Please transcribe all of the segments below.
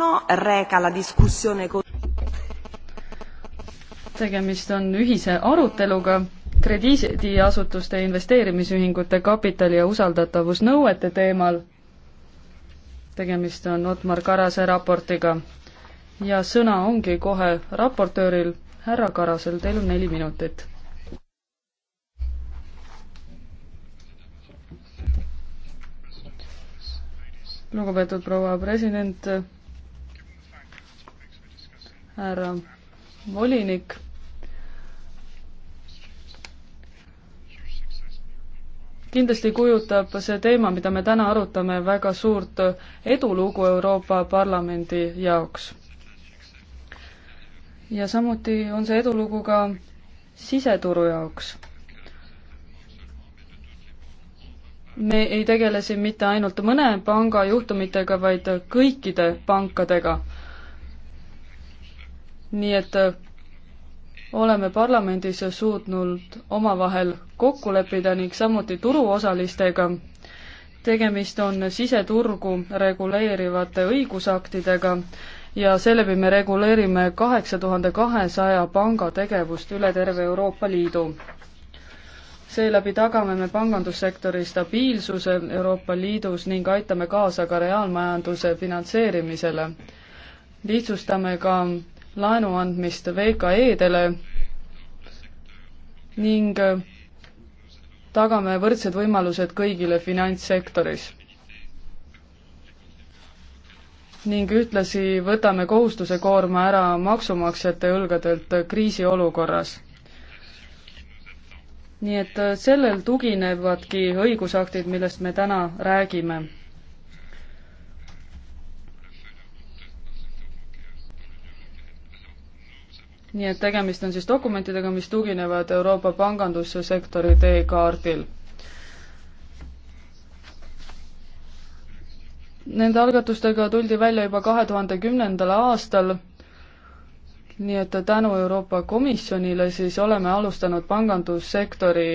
no reega la discussione con tegemist on ühise aruteluga krediidiasutuste investeerimisühingute kapitali ja usaldatavusnõuete teemal. tegemist on Otmar Karase raportiga ja sõna ongi kohe raportööril, härra Karasel, teil on neli minutit. lugupeetud proua president härra volinik. kindlasti kujutab see teema, mida me täna arutame, väga suurt edulugu Euroopa Parlamendi jaoks. ja samuti on see edulugu ka siseturu jaoks me ei tegele siin mitte ainult mõne panga juhtumitega, vaid kõikide pankadega nii et äh, oleme parlamendis suutnud omavahel kokku leppida ning samuti turuosalistega. tegemist on siseturgu reguleerivate õigusaktidega ja seeläbi me reguleerime kaheksa tuhande kahesaja panga tegevust üle terve Euroopa Liidu. seeläbi tagame me pangandussektori stabiilsuse Euroopa Liidus ning aitame kaasa ka reaalmajanduse finantseerimisele. lihtsustame ka laenu andmist VKE-dele ning äh, tagame võrdsed võimalused kõigile finantssektoris. ning ühtlasi võtame kohustuse koorma ära maksumaksjate õlgadelt kriisiolukorras. nii et äh, sellel tuginevadki õigusaktid, millest me täna räägime nii et tegemist on siis dokumentidega, mis tuginevad Euroopa pangandussektori teekaardil. Nende algatustega tuldi välja juba kahe tuhande kümnendal aastal, nii et tänu Euroopa Komisjonile siis oleme alustanud pangandussektori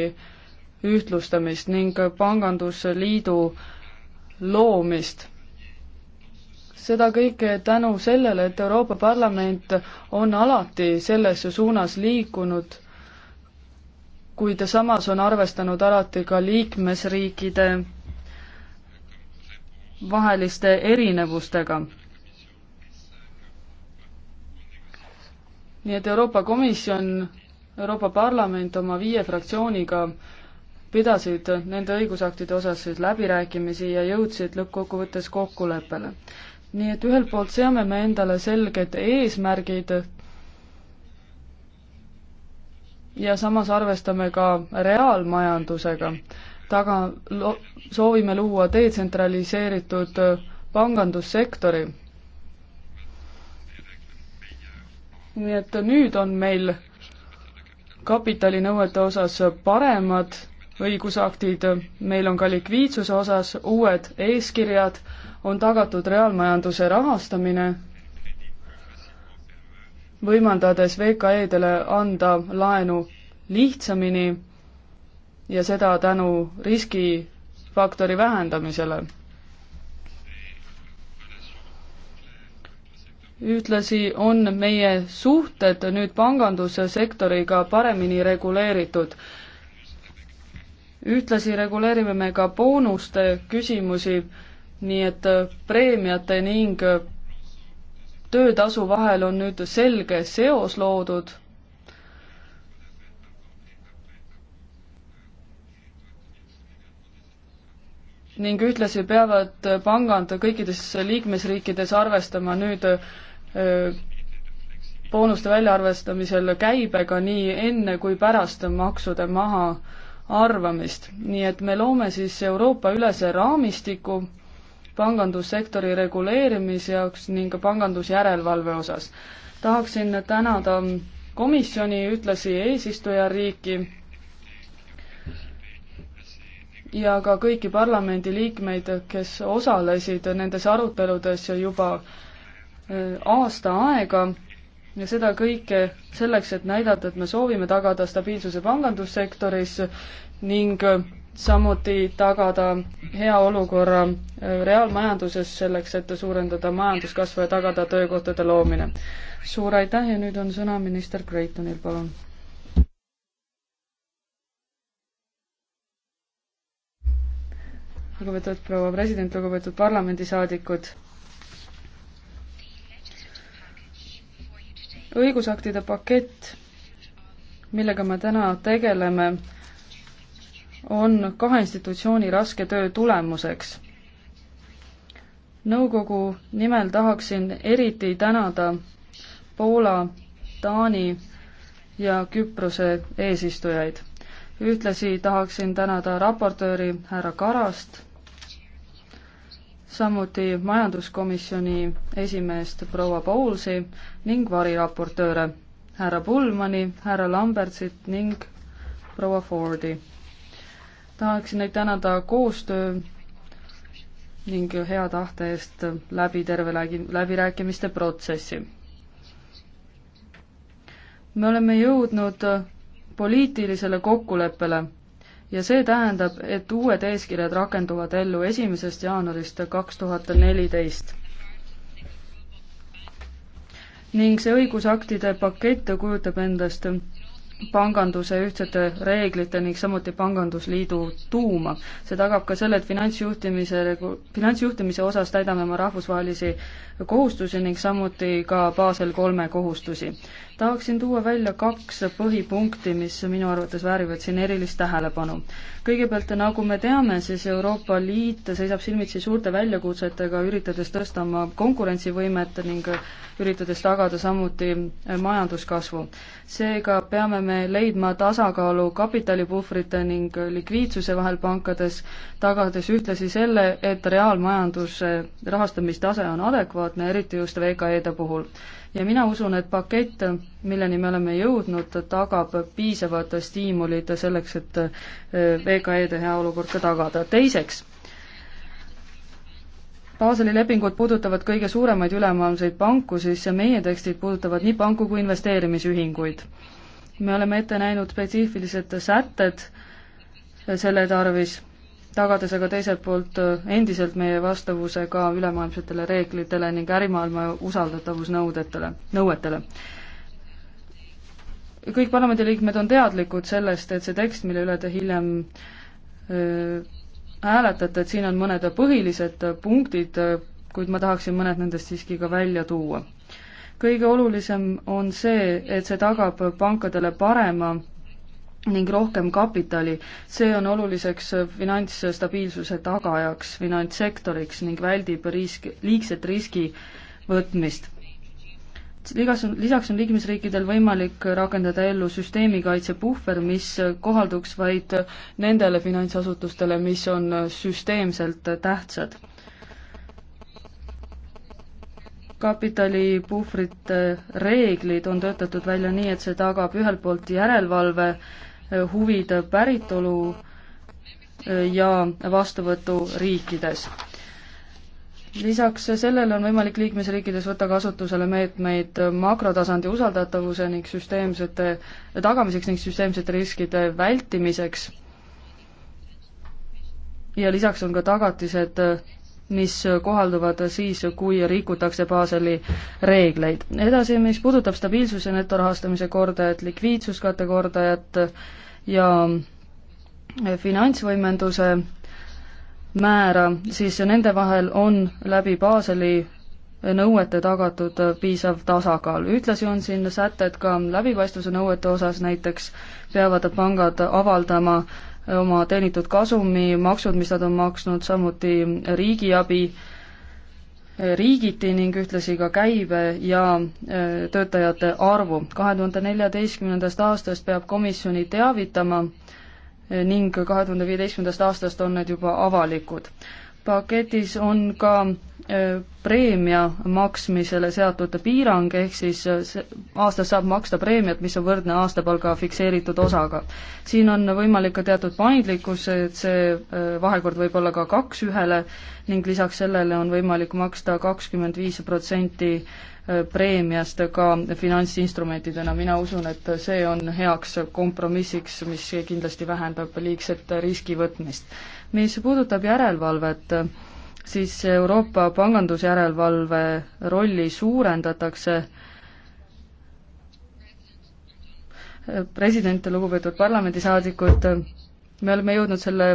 ühtlustamist ning pangandusliidu loomist seda kõike tänu sellele, et Euroopa Parlament on alati selles suunas liikunud, kuid samas on arvestanud alati ka liikmesriikide vaheliste erinevustega. nii et Euroopa Komisjon, Euroopa Parlament oma viie fraktsiooniga pidasid nende õigusaktide osas siis läbirääkimisi ja jõudsid lõppkokkuvõttes kokkuleppele nii et ühelt poolt seame me endale selged eesmärgid ja samas arvestame ka reaalmajandusega. taga lo-, soovime luua detsentraliseeritud pangandussektori. nii et nüüd on meil kapitalinõuete osas paremad õigusaktid, meil on ka likviidsuse osas uued eeskirjad, on tagatud reaalmajanduse rahastamine, võimaldades VKE-dele anda laenu lihtsamini ja seda tänu riskifaktori vähendamisele. ühtlasi on meie suhted nüüd pangandussektoriga paremini reguleeritud ühtlasi reguleerime me ka boonuste küsimusi, nii et äh, preemiate ning äh, töötasu vahel on nüüd selge seos loodud. ning ühtlasi peavad äh, pangad kõikides liikmesriikides arvestama nüüd boonuste väljaarvestamisel käibega nii enne kui pärast maksude maha äh, arvamist. nii et me loome siis Euroopa-ülese raamistiku pangandussektori reguleerimise jaoks ning pangandusjärelevalve osas. tahaksin tänada komisjoni, ühtlasi eesistujariiki ja ka kõiki parlamendiliikmeid, kes osalesid nendes aruteludes juba äh, aasta aega ja seda kõike selleks, et näidata, et me soovime tagada stabiilsuse pangandussektoris ning samuti tagada hea olukorra äh, reaalmajanduses selleks, et suurendada majanduskasvu ja tagada töökohtade loomine. suur aitäh ja nüüd on sõna minister Kreitonil, palun. lugupeetud proua president, lugupeetud parlamendisaadikud õigusaktide pakett, millega me täna tegeleme, on kahe institutsiooni raske töö tulemuseks. nõukogu nimel tahaksin eriti tänada Poola, Taani ja Küprose eesistujaid. ühtlasi tahaksin tänada raportööri härra Karast samuti majanduskomisjoni esimeest proua Paulsi ning variraportööre härra Pullmani, härra Lambertsit ning proua Fordi. tahaksin neid tänada koostöö ning hea tahte eest läbi terve lägi-, läbirääkimiste protsessi. me oleme jõudnud poliitilisele kokkuleppele ja see tähendab, et uued eeskirjad rakenduvad ellu esimesest jaanuarist kaks tuhat neliteist. ning see õigusaktide pakett kujutab endast panganduse ühtsete reeglite ning samuti Pangandusliidu tuuma. see tagab ka selle, et finantsjuhtimise regu-, finantsjuhtimise osas täidame oma rahvusvahelisi kohustusi ning samuti ka Basel kolme kohustusi tahaksin tuua välja kaks põhipunkti, mis minu arvates väärivad siin erilist tähelepanu. kõigepealt, nagu me teame, siis Euroopa Liit seisab silmitsi suurte väljakutsetega, üritades tõsta oma konkurentsivõimet ning üritades tagada samuti majanduskasvu. seega peame me leidma tasakaalu kapitalipuhvrite ning likviidsuse vahel pankades, tagades ühtlasi selle, et reaalmajanduse rahastamistase on adekvaatne, eriti just VKE-de puhul ja mina usun, et pakett, milleni me oleme jõudnud, tagab piisavad stiimulid selleks, et äh, VKE-de heaolukord ka tagada. teiseks, Baseli lepingud puudutavad kõige suuremaid ülemaailmseid panku, siis meie tekstid puudutavad nii panku kui investeerimisühinguid. me oleme ette näinud spetsiifilised sätted selle tarvis tagades aga teiselt poolt äh, endiselt meie vastavuse ka ülemaailmsetele reeglitele ning ärimaailma usaldatavusnõudetele, nõuetele. kõik parlamendiliikmed on teadlikud sellest, et see tekst, mille üle te hiljem äh, hääletate, et siin on mõned põhilised äh, punktid, kuid ma tahaksin mõned nendest siiski ka välja tuua. kõige olulisem on see, et see tagab pankadele parema ning rohkem kapitali. see on oluliseks finantsstabiilsuse tagajaks, finantssektoriks ning väldib risk, liigset riski võtmist. ligas on, lisaks on liikmesriikidel võimalik rakendada ellu süsteemikaitse puhver, mis kohalduks vaid nendele finantsasutustele, mis on süsteemselt tähtsad. kapitalipuhvrite reeglid on töötatud välja nii, et see tagab ühelt poolt järelevalve äh, huvide päritolu äh, ja vastuvõturiikides. lisaks sellele on võimalik liikmesriikides võtta kasutusele meetmeid makrotasandi usaldatavuse ning süsteemsete, tagamiseks ning süsteemsete riskide vältimiseks ja lisaks on ka tagatised mis kohalduvad siis, kui rikutakse Baseli reegleid. edasi, mis puudutab stabiilsuse netorahastamise kordajat, likviidsuskatte kordajat ja finantsvõimenduse määra, siis nende vahel on läbi Baseli nõuete tagatud piisav tasakaal. ühtlasi on siin sätted ka läbipaistvuse nõuete osas, näiteks peavad pangad avaldama oma teenitud kasumi, maksud, mis nad on maksnud, samuti riigiabi eh, riigiti ning ühtlasi ka käibe ja eh, töötajate arvu. kahe tuhande neljateistkümnendast aastast peab komisjoni teavitama eh, ning kahe tuhande viieteistkümnendast aastast on need juba avalikud. paketis on ka Äh, preemia maksmisele seatud piirang, ehk siis äh, aastas saab maksta preemiat, mis on võrdne aastapalga fikseeritud osaga. siin on võimalik ka teatud paindlikkus, et see äh, vahekord võib olla ka kaks ühele ning lisaks sellele on võimalik maksta kakskümmend viis protsenti preemiast ka finantsinstrumentidena, mina usun, et see on heaks kompromissiks, mis kindlasti vähendab liigset riski võtmist. mis puudutab järelevalvet, siis Euroopa pangandusjärelevalve rolli suurendatakse. president ja lugupeetud parlamendisaadikud, me oleme jõudnud selle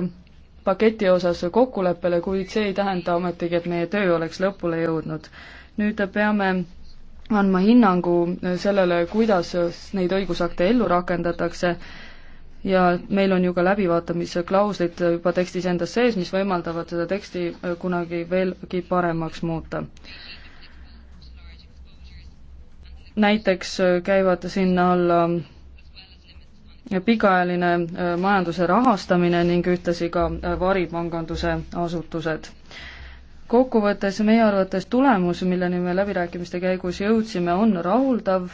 paketi osas kokkuleppele, kuid see ei tähenda ometigi, et meie töö oleks lõpule jõudnud. nüüd peame andma hinnangu sellele, kuidas neid õigusakte ellu rakendatakse ja meil on ju ka läbivaatamise klauslid juba tekstis endas sees, mis võimaldavad seda teksti äh, kunagi veelgi paremaks muuta. näiteks äh, käivad sinna alla äh, pikaajaline majanduse rahastamine ning ühtlasi ka varipanganduse asutused. kokkuvõttes meie arvates tulemus, milleni me läbirääkimiste käigus jõudsime, on rahuldav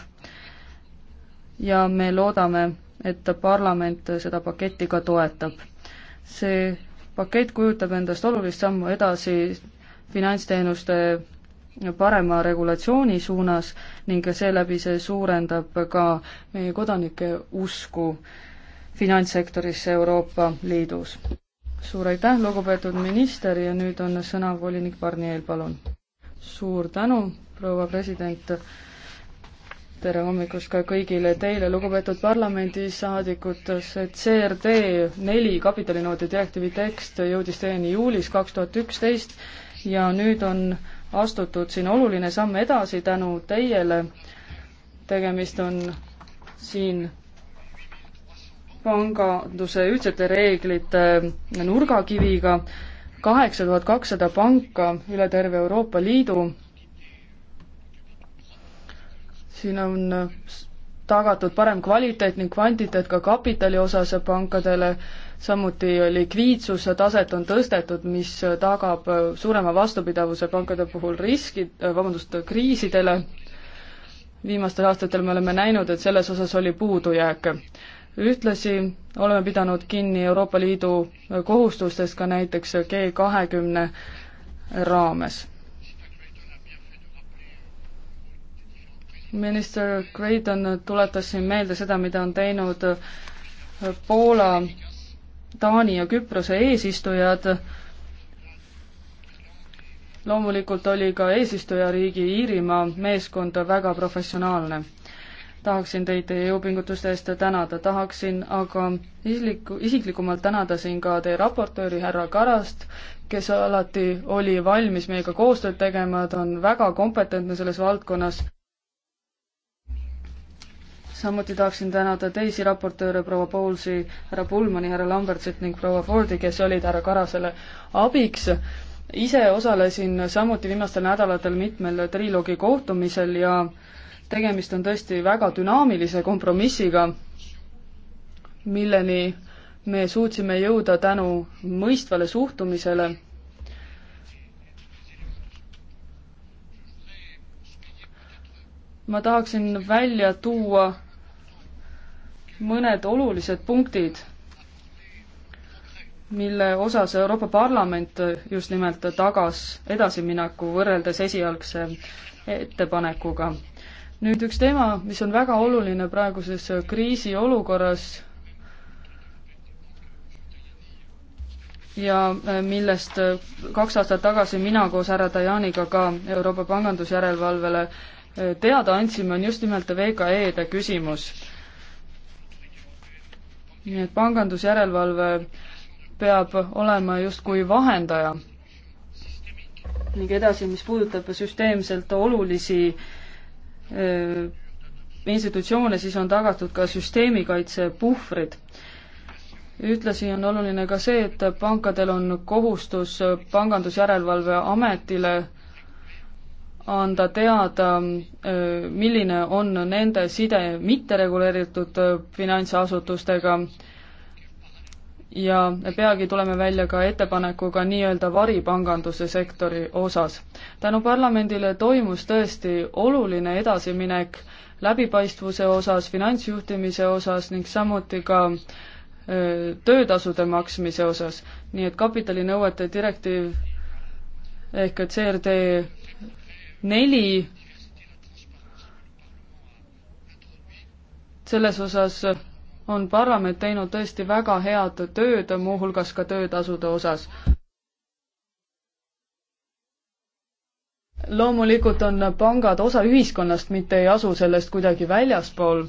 ja me loodame, et parlament seda paketti ka toetab. see pakett kujutab endast olulist sammu edasi finantsteenuste parema regulatsiooni suunas ning seeläbi see suurendab ka meie kodanike usku finantssektorisse Euroopa Liidus. suur aitäh, lugupeetud minister, ja nüüd on sõna volinik Barniel, palun. suur tänu, proua president tere hommikust ka kõigile teile, lugupeetud parlamendisaadikud, see CRD neli kapitalinõuete direktiivi tekst jõudis teieni juulis kaks tuhat üksteist ja nüüd on astutud siin oluline samm edasi tänu teiele. tegemist on siin panganduse ühtsete reeglite nurgakiviga, kaheksa tuhat kakssada panka üle terve Euroopa Liidu siin on äh, tagatud parem kvaliteet ning kvantiteet ka kapitali osas pankadele, samuti likviidsuse taset on tõstetud, mis äh, tagab äh, suurema vastupidavuse pankade puhul riskid, vabandust, kriisidele. viimastel aastatel me oleme näinud, et selles osas oli puudujääke. ühtlasi oleme pidanud kinni Euroopa Liidu kohustustest ka näiteks G kahekümne raames minister Creighton tuletas siin meelde seda, mida on teinud äh, Poola, Taani ja Küprose eesistujad. loomulikult oli ka eesistujariigi Iirimaa meeskond väga professionaalne. tahaksin teid teie jõupingutuste eest tänada, tahaksin aga isikliku, isiklikumalt tänada siin ka teie raportööri härra Karast, kes alati oli valmis meiega koostööd tegema, ta on väga kompetentne selles valdkonnas samuti tahaksin tänada teisi raportööre, proua Paulsi, härra Pullmani, härra Lambertsit ning proua Fordi, kes olid härra Karasele abiks. ise osalesin samuti viimastel nädalatel mitmel triloogi kohtumisel ja tegemist on tõesti väga dünaamilise kompromissiga, milleni me suutsime jõuda tänu mõistvale suhtumisele ma tahaksin välja tuua mõned olulised punktid, mille osas Euroopa Parlament just nimelt tagas edasimineku võrreldes esialgse ettepanekuga. nüüd üks teema, mis on väga oluline praeguses kriisiolukorras ja äh, millest äh, kaks aastat tagasi mina koos härra Tajaniga ka Euroopa pangandusjärelevalvele äh, teada andsime, on just nimelt VKE-de küsimus nii et pangandusjärelevalve peab olema justkui vahendaja. ning edasi, mis puudutab süsteemselt olulisi öö, äh, institutsioone, siis on tagatud ka süsteemikaitse puhvrid. ühtlasi on oluline ka see, et pankadel on kohustus pangandusjärelevalve ametile anda teada, äh, milline on nende side mittereguleeritud äh, finantsasutustega ja peagi tuleme välja ka ettepanekuga nii-öelda varipanganduse sektori osas. tänu parlamendile toimus tõesti oluline edasiminek läbipaistvuse osas, finantsjuhtimise osas ning samuti ka öö, äh, töötasude maksmise osas, nii et kapitalinõuete direktiiv ehk et CRD neli selles osas on parlament teinud tõesti väga head tööd, muuhulgas ka töötasude osas. loomulikult on pangad osa ühiskonnast, mitte ei asu sellest kuidagi väljaspool.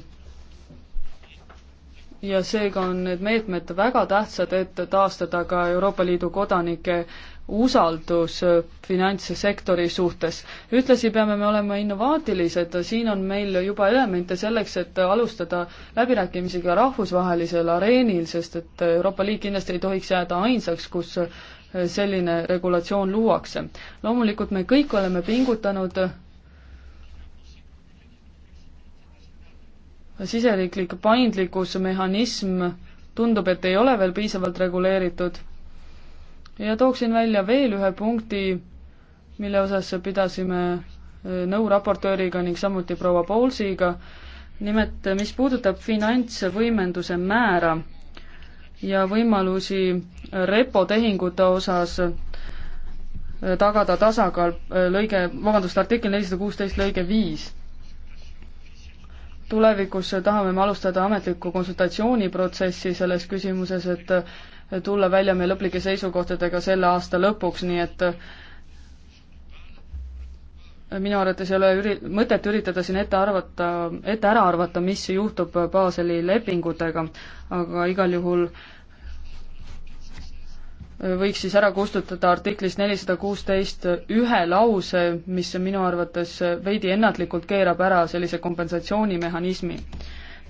ja seega on need meetmed väga tähtsad, et taastada ka Euroopa Liidu kodanike usaldus äh, finantssektori suhtes. ühtlasi peame me olema innovaatilised, siin on meil juba elemente selleks, et alustada läbirääkimisi ka rahvusvahelisel areenil, sest et Euroopa Liit kindlasti ei tohiks jääda ainsaks, kus äh, selline regulatsioon luuakse. loomulikult me kõik oleme pingutanud siseriiklik paindlikkusmehhanism tundub, et ei ole veel piisavalt reguleeritud ja tooksin välja veel ühe punkti, mille osas pidasime e, nõu raportööriga ning samuti proua Paulsiga, nimelt e, mis puudutab finantsvõimenduse määra ja võimalusi repotehingute osas e, tagada tasakaal, lõige, vabandust, artikkel nelisada kuusteist lõige viis. tulevikus tahame me alustada ametlikku konsultatsiooniprotsessi selles küsimuses, et tulla välja meie lõplike seisukohtadega selle aasta lõpuks, nii et minu arvates ei ole üri-, mõtet üritada siin ette arvata, ette ära arvata, mis juhtub Baseli lepingutega, aga igal juhul võiks siis ära kustutada artiklist nelisada kuusteist ühe lause, mis minu arvates veidi ennatlikult keerab ära sellise kompensatsioonimehhanismi.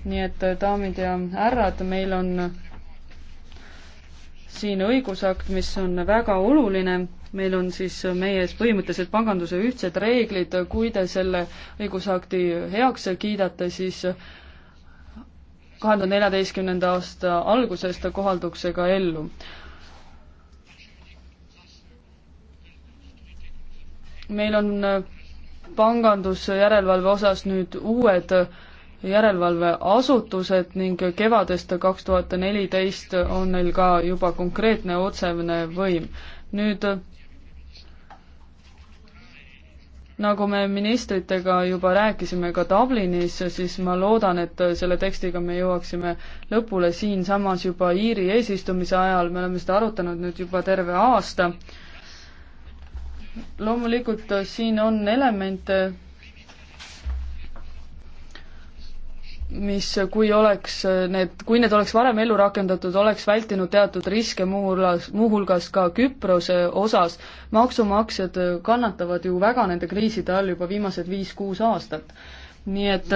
nii et daamid ja härrad, meil on siin õigusakt, mis on väga oluline, meil on siis meie ees põhimõtteliselt panganduse ühtsed reeglid, kui te selle õigusakti heaks kiidate, siis kahe tuhande neljateistkümnenda aasta algusest ta kohalduks see ka ellu. meil on pangandusjärelevalve osas nüüd uued äh, järelevalveasutused ning kevadest kaks tuhat neliteist on neil ka juba konkreetne otsene võim. nüüd nagu me ministritega juba rääkisime ka Dublinis, siis ma loodan, et selle tekstiga me jõuaksime lõpule siinsamas juba Iiri eesistumise ajal, me oleme seda arutanud nüüd juba terve aasta. loomulikult siin on elemente, mis, kui oleks need, kui need oleks varem ellu rakendatud, oleks vältinud teatud riske, muuhulgas, muuhulgas ka Küprose osas. maksumaksjad kannatavad ju väga nende kriiside all juba viimased viis-kuus aastat. nii et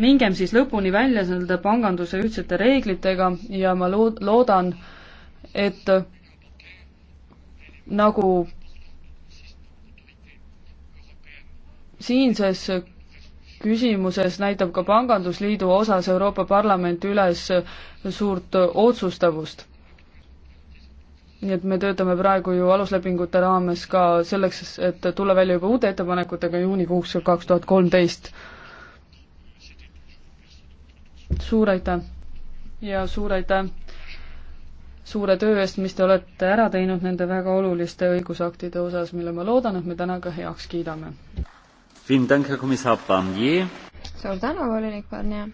mingem siis lõpuni välja nende panganduse ühtsete reeglitega ja ma lood-, loodan, et nagu siinses küsimuses näitab ka Pangandusliidu osas Euroopa Parlament üles suurt otsustavust. nii et me töötame praegu ju aluslepingute raames ka selleks, et tulla välja juba uute ettepanekutega juunikuuks kaks tuhat kolmteist. suur aitäh ja suur aitäh suure töö eest, mis te olete ära teinud nende väga oluliste õigusaktide osas, mille ma loodan, et me täna ka heaks kiidame suur tänu, volinik Barnier.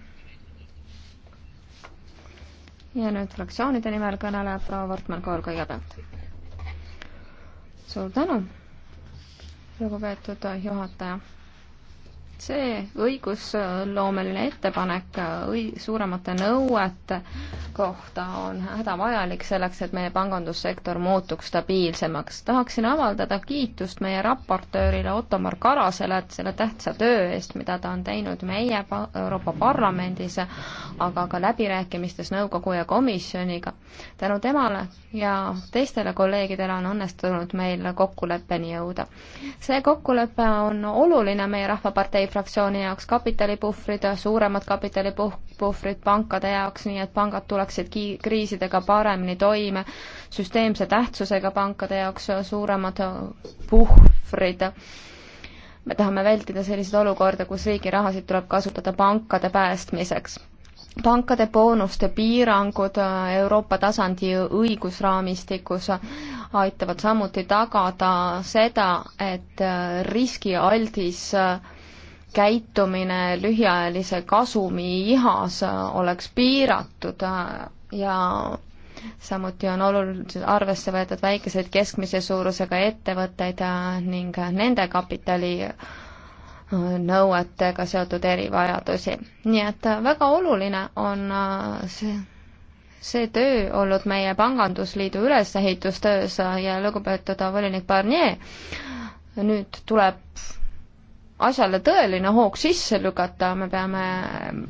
ja nüüd fraktsioonide nimel kõneleb proua Wortmann-Kool kõigepealt. suur tänu, lugupeetud juhataja see õigusloomeline ettepanek äh, õi-, suuremate nõuete kohta on hädavajalik selleks, et meie pangandussektor muutuks stabiilsemaks. tahaksin avaldada kiitust meie raportöörile Ottomar Karasele selle tähtsa töö eest, mida ta on teinud meie pa-, Euroopa Parlamendis, aga ka läbirääkimistes nõukogu ja komisjoniga. tänu temale ja teistele kolleegidele on õnnestunud meil kokkuleppeni jõuda. see kokkulepe on oluline meie Rahvapartei Rahvapartei fraktsiooni jaoks kapitalipuhvrid, suuremad kapitalipuhvrid pankade jaoks, nii et pangad tuleksid ki-, kriisidega paremini toime, süsteemse tähtsusega pankade jaoks suuremad puhvrid. me tahame vältida selliseid olukorda, kus riigi rahasid tuleb kasutada pankade päästmiseks pankade boonuste piirangud Euroopa tasandi õigusraamistikus aitavad samuti tagada seda, et riskialdis käitumine lühiajalise kasumi ihas oleks piiratud äh, ja samuti on oluliselt arvesse võetud väikeseid keskmise suurusega ettevõtteid äh, ning nende kapitali äh, nõuetega seotud erivajadusi. nii et väga oluline on see, see töö olnud meie Pangandusliidu ülesehitustöös ja lugupeetud volinik Barnier, nüüd tuleb asjale tõeline hoog sisse lükata, me peame,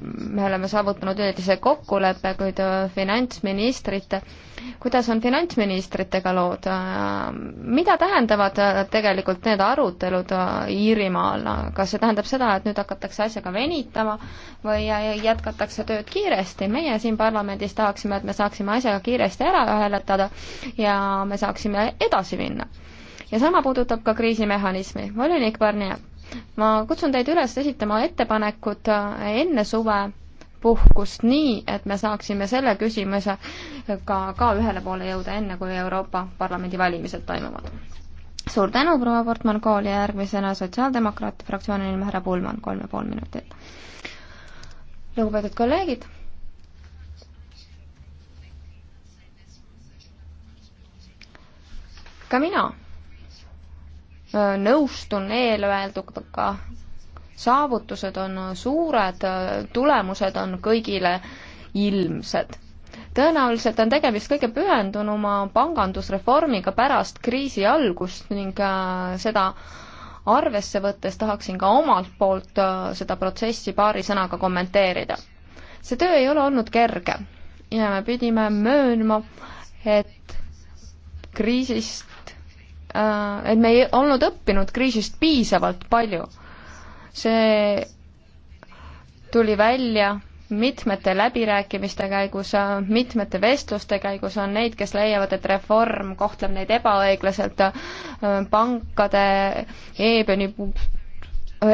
me oleme saavutanud üldise kokkuleppe, kuid finantsministrite, kuidas on finantsministritega lood, mida tähendavad tegelikult need arutelud Iirimaal, kas see tähendab seda, et nüüd hakatakse asjaga venitama või jätkatakse tööd kiiresti, meie siin parlamendis tahaksime, et me saaksime asjaga kiiresti ära hääletada ja me saaksime edasi minna. ja sama puudutab ka kriisimehhanismi, volinik Barnier ma kutsun teid üles esitama ettepanekud äh, enne suvepuhkust nii, et me saaksime selle küsimusega ka, ka ühele poole jõuda, enne kui Euroopa Parlamendi valimised toimuvad. suur tänu, proua Portman Kool ja järgmisena Sotsiaaldemokraatide fraktsiooni nimel härra Pullmann, kolm ja pool minutit. lugupeetud kolleegid ka mina nõustun eelöelduga, saavutused on suured, tulemused on kõigile ilmselt tõenäoliselt on tegemist kõige pühendunuma pangandusreformiga pärast kriisi algust ning äh, seda arvesse võttes tahaksin ka omalt poolt äh, seda protsessi paari sõnaga kommenteerida. see töö ei ole olnud kerge ja me pidime möönma, et kriisist Äh, et me ei olnud õppinud kriisist piisavalt palju. see tuli välja mitmete läbirääkimiste käigus, mitmete vestluste käigus on neid, kes leiavad, et reform kohtleb neid ebaõiglaselt, äh, pankade eebeni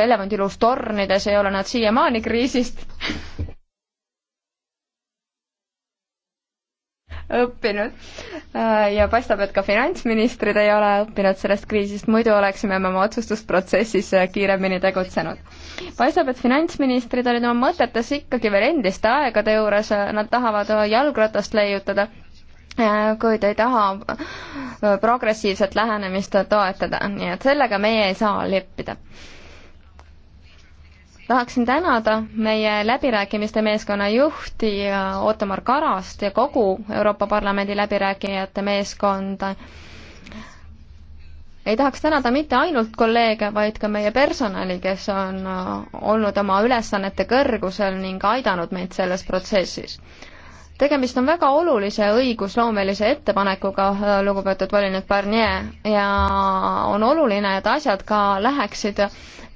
elevandiluust tornides ei ole nad siiamaani kriisist õppinud. Äh, ja paistab, et ka finantsministrid ei ole õppinud sellest kriisist, muidu oleksime me oma otsustusprotsessis äh, kiiremini tegutsenud. paistab, et finantsministrid olid oma mõtetes ikkagi veel endiste aegade juures, äh, nad tahavad jalgratast leiutada kuid ei taha progressiivset lähenemist toetada, nii et sellega meie ei saa leppida tahaksin tänada meie läbirääkimiste meeskonna juhti Ottomar Karast ja kogu Euroopa Parlamendi läbirääkijate meeskonda. ei tahaks tänada mitte ainult kolleege, vaid ka meie personali, kes on äh, olnud oma ülesannete kõrgusel ning aidanud meid selles protsessis tegemist on väga olulise õigusloomelise ettepanekuga, äh, lugupeetud volinik Barnier, ja on oluline, et asjad ka läheksid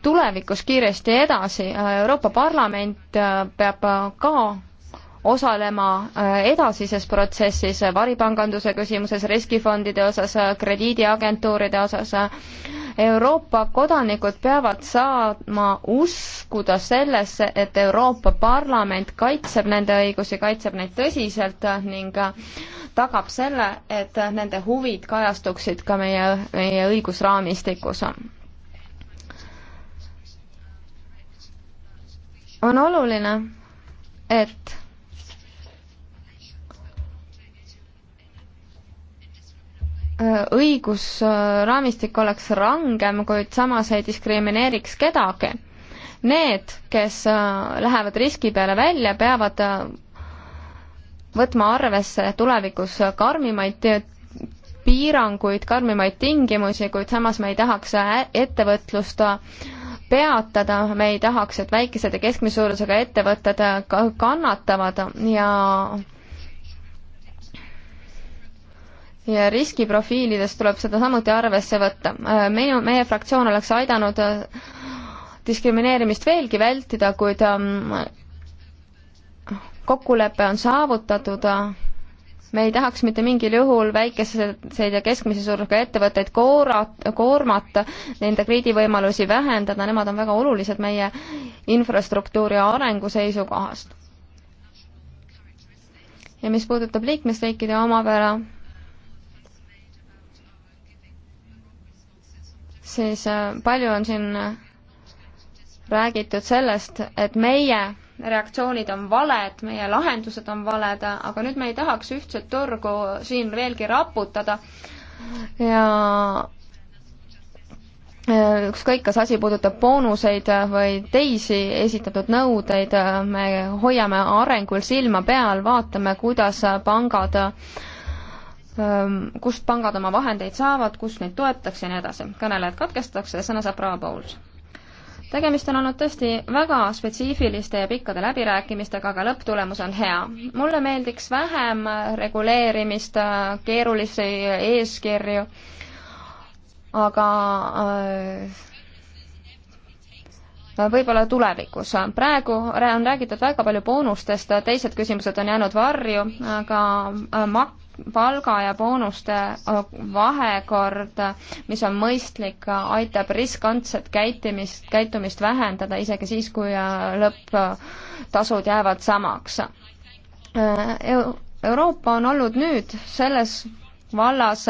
tulevikus kiiresti edasi. Euroopa Parlament äh, peab äh, ka osalema äh, edasises protsessis varipanganduse küsimuses, riskifondide osas, krediidiagentuuride osas. Euroopa kodanikud peavad saama uskuda sellesse, et Euroopa Parlament kaitseb nende õigusi, kaitseb neid tõsiselt ning tagab selle, et nende huvid kajastuksid ka meie, meie õigusraamistikus on oluline, et õigusraamistik oleks rangem, kuid samas ei diskrimineeriks kedagi. Need, kes äh, lähevad riski peale välja, peavad äh, võtma arvesse tulevikus karmimaid piiranguid, karmimaid tingimusi, kuid samas me ei tahaks äh, ettevõtlust peatada, me ei tahaks, et väikesed ja keskmise suurusega ettevõtted kannatavad ja ja riskiprofiilidest tuleb seda samuti arvesse võtta. minu, meie fraktsioon oleks aidanud diskrimineerimist veelgi vältida, kuid um, kokkulepe on saavutatud me ei tahaks mitte mingil juhul väikeseid ja keskmise suurusega ettevõtteid koorat-, koormata, nende krediidivõimalusi vähendada, nemad on väga olulised meie infrastruktuuri arengu seisukohast. ja mis puudutab liikmesriikide omapära, siis äh, palju on siin räägitud sellest, et meie reaktsioonid on valed, meie lahendused on valed, aga nüüd me ei tahaks ühtset turgu siin veelgi raputada ja e, ükskõik, kas asi puudutab boonuseid või teisi esitatud nõudeid, me hoiame arengul silma peal, vaatame, kuidas pangad, e, kust pangad oma vahendeid saavad, kust neid toetatakse ja nii edasi. kõnelejad katkestatakse ja sõna saab Raavo Pauls tegemist on olnud tõesti väga spetsiifiliste ja pikkade läbirääkimistega, aga lõpptulemus on hea. mulle meeldiks vähem reguleerimist, äh, keerulisi eeskirju, aga äh, võib-olla tulevikus. praegu on räägitud väga palju boonustest, teised küsimused on jäänud varju, aga äh, MAK palga ja boonuste äh, vahekord, mis on mõistlik, aitab riskantset käitumist, käitumist vähendada isegi siis, kui äh, lõpptasud jäävad samaks. Äh, Euroopa on olnud nüüd selles vallas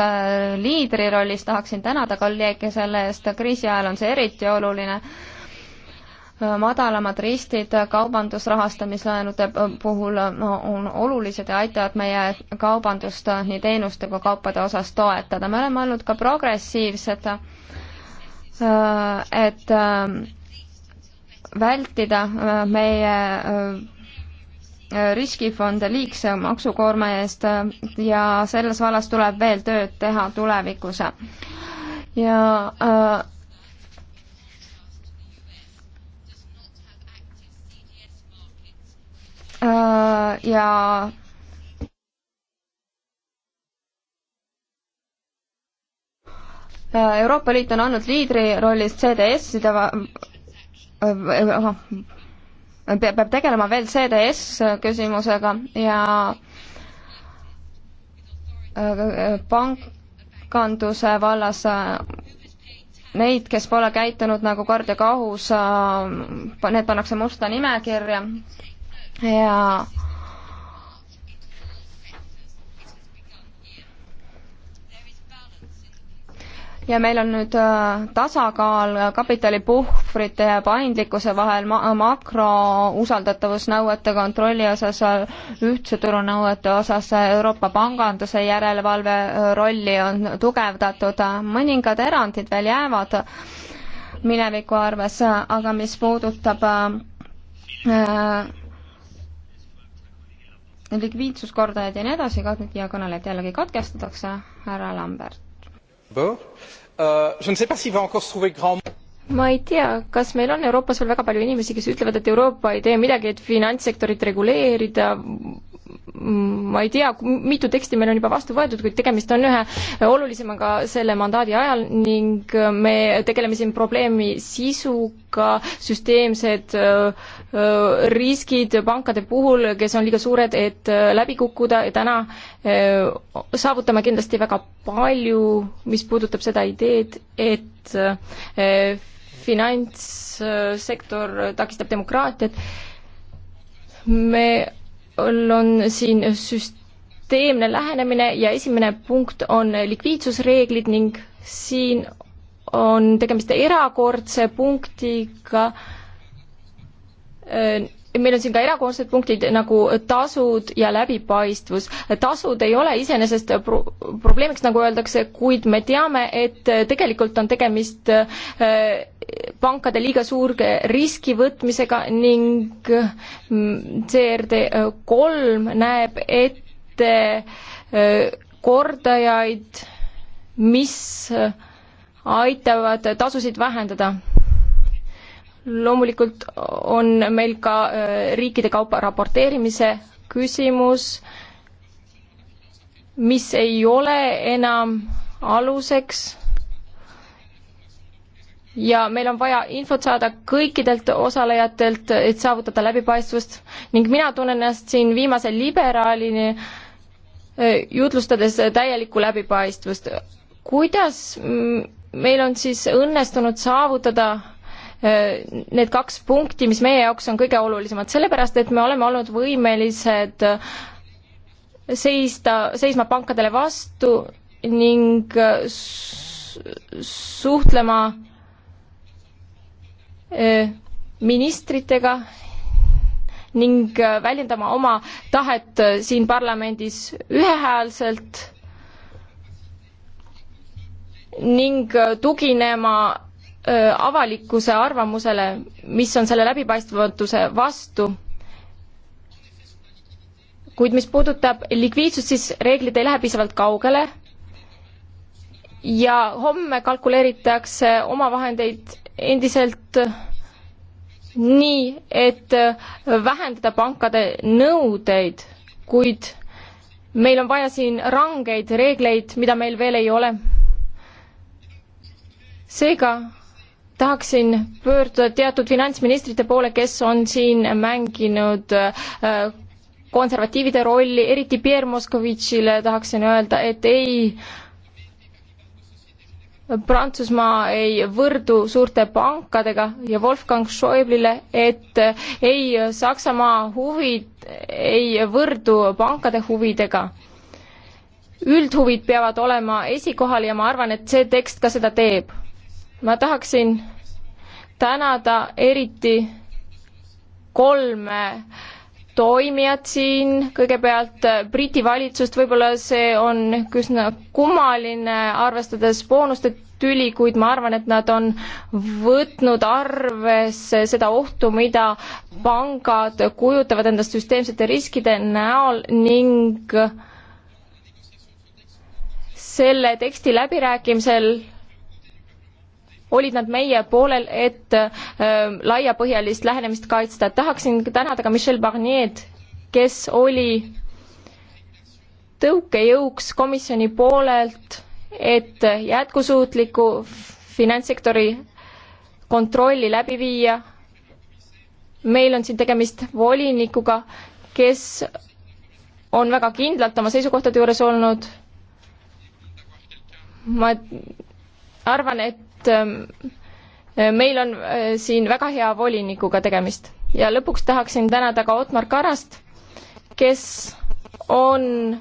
liidrirollis, tahaksin tänada kolleege selle eest, kriisi ajal on see eriti oluline madalamad ristid kaubandusrahastamislaenude puhul on olulised ja aitavad meie kaubandust nii teenuste kui kaupade osas toetada. me oleme olnud ka progressiivsed, äh, et äh, vältida äh, meie riskifonde liigse maksukoorma eest ja selles vallas tuleb veel tööd teha tulevikus. ja Äh, ja äh, Euroopa Liit on andnud liidri rollis CDS-ide äh, peab tegelema veel CDS küsimusega ja panganduse vallas neid, kes pole käitunud nagu kord ja kohus, need pannakse musta nimekirja ja ja meil on nüüd äh, tasakaal kapitalipuhvrite ja paindlikkuse vahel ma-, makrousaldatavusnõuete kontrolli osas, ühtse turu nõuete osas, Euroopa panganduse järelevalve äh, rolli on tugevdatud, mõningad erandid veel jäävad mineviku arves, aga mis puudutab äh, likviidsuskordajad ja nii edasi, ja kõnelejad jällegi katkestatakse, härra Lambert. Euh, ma ei tea, kas meil on Euroopas veel väga palju inimesi, kes ütlevad, et Euroopa ei tee midagi, et finantssektorit reguleerida ma ei tea, mitu teksti meil on juba vastu võetud, kuid tegemist on ühe olulisemaga selle mandaadi ajal ning äh, me tegeleme siin probleemi sisuga, süsteemsed äh, äh, riskid pankade puhul, kes on liiga suured, et läbi kukkuda ja täna saavutame kindlasti väga palju, mis puudutab seda ideed, et finantssektor takistab demokraatiat, me on siin süsteemne lähenemine ja esimene punkt on likviidsusreeglid ning siin on tegemist erakordse punktiga. Äh, meil on siin ka erakordsed punktid nagu tasud ja läbipaistvus. tasud ei ole iseenesest pro probleemiks, nagu öeldakse, kuid me teame, et tegelikult on tegemist äh, pankade liiga suurge riski võtmisega ning mm, CRD äh, kolm näeb ette äh, kordajaid, mis äh, aitavad tasusid vähendada. loomulikult on meil ka riikide kaupa raporteerimise küsimus, mis ei ole enam aluseks ja meil on vaja infot saada kõikidelt osalejatelt, et saavutada läbipaistvust ning mina tunnen ennast siin viimase liberaalini, eh, jutlustades täielikku läbipaistvust. kuidas meil on siis õnnestunud saavutada eh, need kaks punkti, mis meie jaoks on kõige olulisemad, sellepärast et me oleme olnud võimelised seista, seisma pankadele vastu ning eh, suhtlema ministritega ning väljendama oma tahet siin parlamendis ühehäälselt ning tuginema avalikkuse arvamusele, mis on selle läbipaistmatuse vastu. kuid mis puudutab likviidsust, siis reeglid ei lähe piisavalt kaugele ja homme kalkuleeritakse omavahendeid endiselt nii, et vähendada pankade nõudeid, kuid meil on vaja siin rangeid reegleid, mida meil veel ei ole. seega tahaksin pöörduda teatud finantsministrite poole, kes on siin mänginud äh, konservatiivide rolli, eriti Pierre Moskovitšile tahaksin öelda, et ei äh, Prantsusmaa ei võrdu suurte pankadega ja Wolfgang Schäuble'ile, et ei Saksamaa huvid ei võrdu pankade huvidega. üldhuvid peavad olema esikohal ja ma arvan, et see tekst ka seda teeb. ma tahaksin tänada eriti kolme äh, toimijad siin, kõigepealt äh, Briti valitsust, võib-olla see on üsna kummaline, arvestades boonuste tüli, kuid ma arvan, et nad on võtnud arvesse seda ohtu, mida pangad kujutavad endast süsteemsete riskide näol ning selle teksti läbirääkimisel olid nad meie poolel, et äh, laiapõhjalist lähenemist kaitsta. tahaksin tänada ka Michel Barnier'd, kes oli tõukejõuks komisjoni poolelt, et jätkusuutliku finantssektori kontrolli läbi viia. meil on siin tegemist volinikuga, kes on väga kindlalt oma seisukohtade juures olnud. ma arvan, et et ähm, äh, meil on äh, siin väga hea volinikuga tegemist ja lõpuks tahaksin tänada ka Otmar Karast, kes on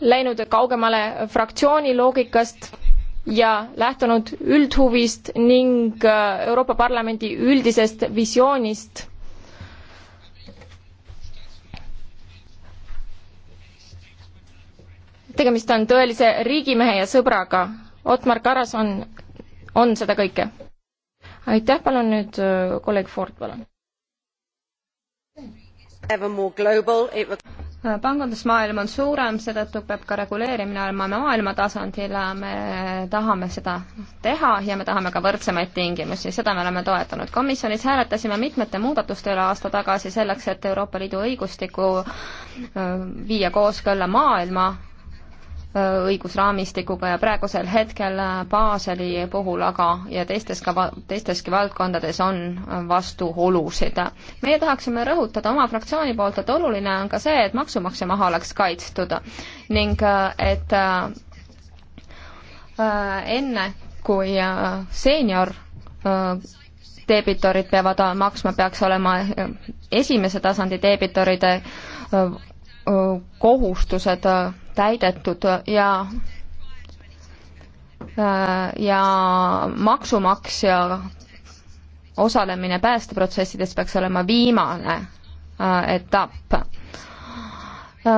läinud kaugemale fraktsiooni loogikast ja lähtunud üldhuvist ning äh, Euroopa Parlamendi üldisest visioonist. tegemist on tõelise riigimehe ja sõbraga Otmar Karas on, on seda kõike. aitäh, palun nüüd äh, kolleeg Ford, palun. Äh, pangandusmaailm on suurem, seetõttu peab ka reguleerimine olema maailma tasandil, me tahame seda teha ja me tahame ka võrdsemaid tingimusi, seda me oleme toetanud. komisjonis hääletasime mitmete muudatuste üle aasta tagasi selleks, et Euroopa Liidu õigustikku äh, viia kooskõlla maailma õigusraamistikuga ja praegusel hetkel Baseli puhul aga ja teistes ka, teisteski valdkondades on vastuolusid. meie tahaksime rõhutada oma fraktsiooni poolt, et oluline on ka see, et maksumaksja maha oleks kaitstud ning et äh, enne, kui äh, seenior äh, deebitorid peavad maksma, peaks olema esimese tasandi deebitoride kohustused täidetud ja ja maksumaksja osalemine päästeprotsessides peaks olema viimane äh, etapp. Äh,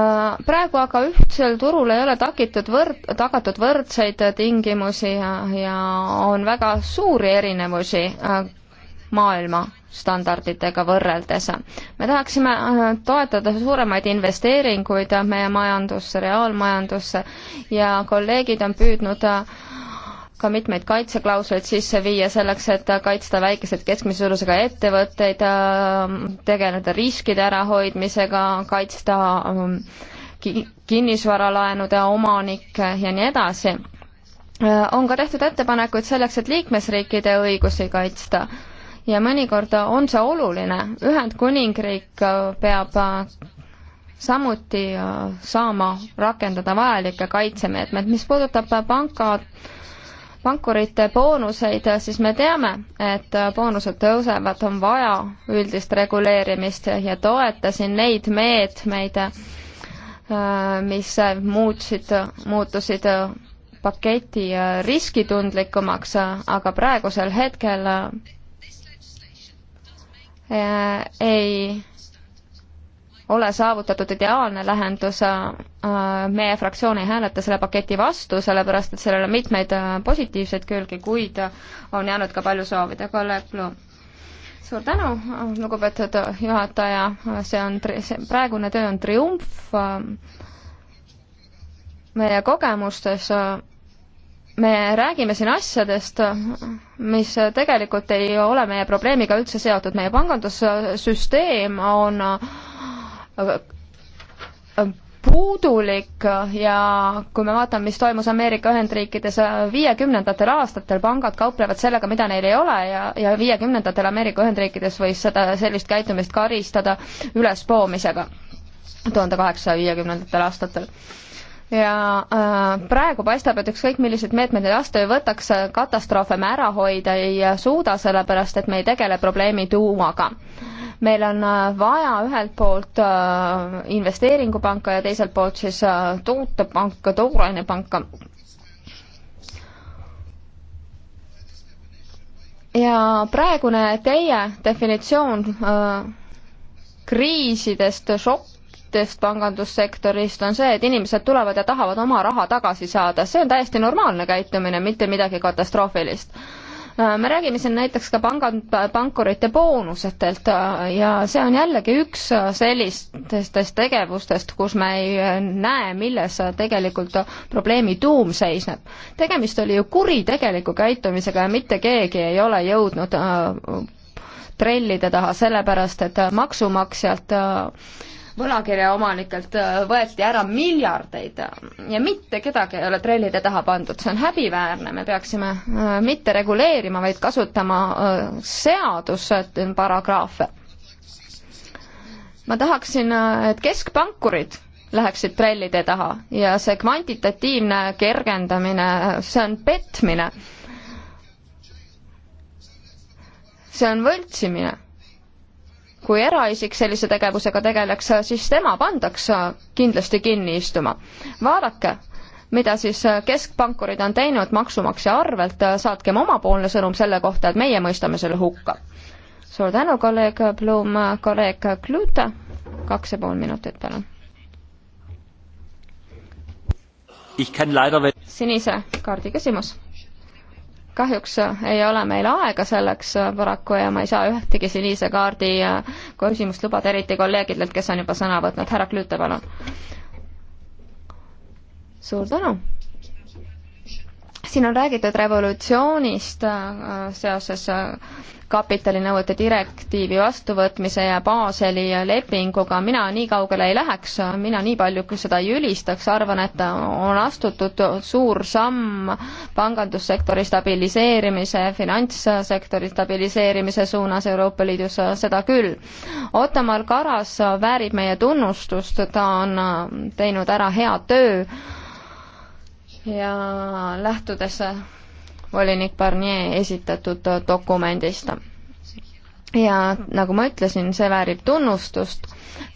praegu aga ühtsel turul ei ole takitud võrd-, tagatud võrdseid tingimusi ja, ja on väga suuri erinevusi äh, maailma standarditega võrreldes. me tahaksime äh, toetada suuremaid investeeringuid meie majandusse, reaalmajandusse ja kolleegid on püüdnud äh, ka mitmeid kaitseklausleid sisse viia selleks, et kaitsta väikeseid keskmise suurusega ettevõtteid, äh, tegeleda riskide ärahoidmisega, kaitsta ähm, kinnisvaralaenude omanikke ja nii edasi. on ka tehtud ettepanekuid selleks, et liikmesriikide õigusi kaitsta ja mõnikord on see oluline, Ühendkuningriik peab samuti äh, saama rakendada vajalikke kaitsemeetmeid, mis puudutab panga pankurite boonuseid, siis me teame, et boonused tõusevad, on vaja üldist reguleerimist ja toetasin neid meetmeid, äh, mis muutsid, muutusid paketi äh, riskitundlikumaks, aga praegusel hetkel Äh, ei ole saavutatud ideaalne lahendus, äh, meie fraktsioon ei hääleta selle paketi vastu, sellepärast et sellel on mitmeid äh, positiivseid külgi, kuid on jäänud ka palju soovida. kolleeg Blum. suur tänu, lugupeetud juhataja, see on, see praegune töö on triumf meie kogemustes me räägime siin asjadest, mis tegelikult ei ole meie probleemiga üldse seotud, meie pangandussüsteem on äh, puudulik ja kui me vaatame, mis toimus Ameerika Ühendriikides viiekümnendatel aastatel, pangad kauplevad sellega, mida neil ei ole ja, ja viiekümnendatel Ameerika Ühendriikides võis seda, sellist käitumist karistada ülespoomisega tuhande kaheksasaja viiekümnendatel aastatel ja äh, praegu paistab, et ükskõik millised meetmed neid vastu ei võtaks, äh, katastroofe me ära hoida ei äh, suuda, sellepärast et me ei tegele probleemi tuumaga. meil on äh, vaja ühelt poolt äh, investeeringupanka ja teiselt poolt siis äh, tuutepanka, toorainepanka. ja praegune teie definitsioon äh, kriisidest, šokk, positiivsest pangandussektorist on see, et inimesed tulevad ja tahavad oma raha tagasi saada, see on täiesti normaalne käitumine, mitte midagi katastroofilist äh, me räägime siin näiteks ka pangad, pankurite boonusetelt äh, ja see on jällegi üks äh, sellistest tegevustest, kus me ei näe, milles tegelikult probleemi tuum seisneb. tegemist oli ju kuritegeliku käitumisega ja mitte keegi ei ole jõudnud trellide taha, sellepärast et maksumaksjalt äh, võlakirjaomanikelt äh, võeti ära miljardeid ja mitte kedagi ei ole trellide taha pandud, see on häbiväärne, me peaksime äh, mitte reguleerima, vaid kasutama äh, seaduse paragrahve. ma tahaksin, et keskpankurid läheksid trellide taha ja see kvantitatiivne kergendamine, see on petmine. see on võltsimine kui eraisik sellise tegevusega tegeleks, siis tema pandaks kindlasti kinni istuma. vaadake, mida siis keskpankurid on teinud maksumaksja arvelt, saatkem omapoolne sõnum selle kohta, et meie mõistame selle hukka. suur tänu, kolleeg Blum, kolleeg Kluta, kaks ja pool minutit, palun. sinise kaardi küsimus kahjuks ei ole meil aega selleks paraku ja ma ei saa ühtegi sinise kaardi küsimust lubada, eriti kolleegidelt, kes on juba sõna võtnud. härra Klüüte, palun. suur tänu siin on räägitud revolutsioonist äh, seoses äh, kapitalinõuete direktiivi vastuvõtmise ja Baseli äh, lepinguga, mina nii kaugele ei läheks, mina nii palju kui seda ei ülistaks, arvan, et on astutud suur samm pangandussektori stabiliseerimise, finantssektori stabiliseerimise suunas Euroopa Liidus, seda küll. Ottomar Karas väärib meie tunnustust, ta on teinud ära hea töö ja lähtudes volinik Barnier esitatud dokumendist. ja nagu ma ütlesin, see väärib tunnustust,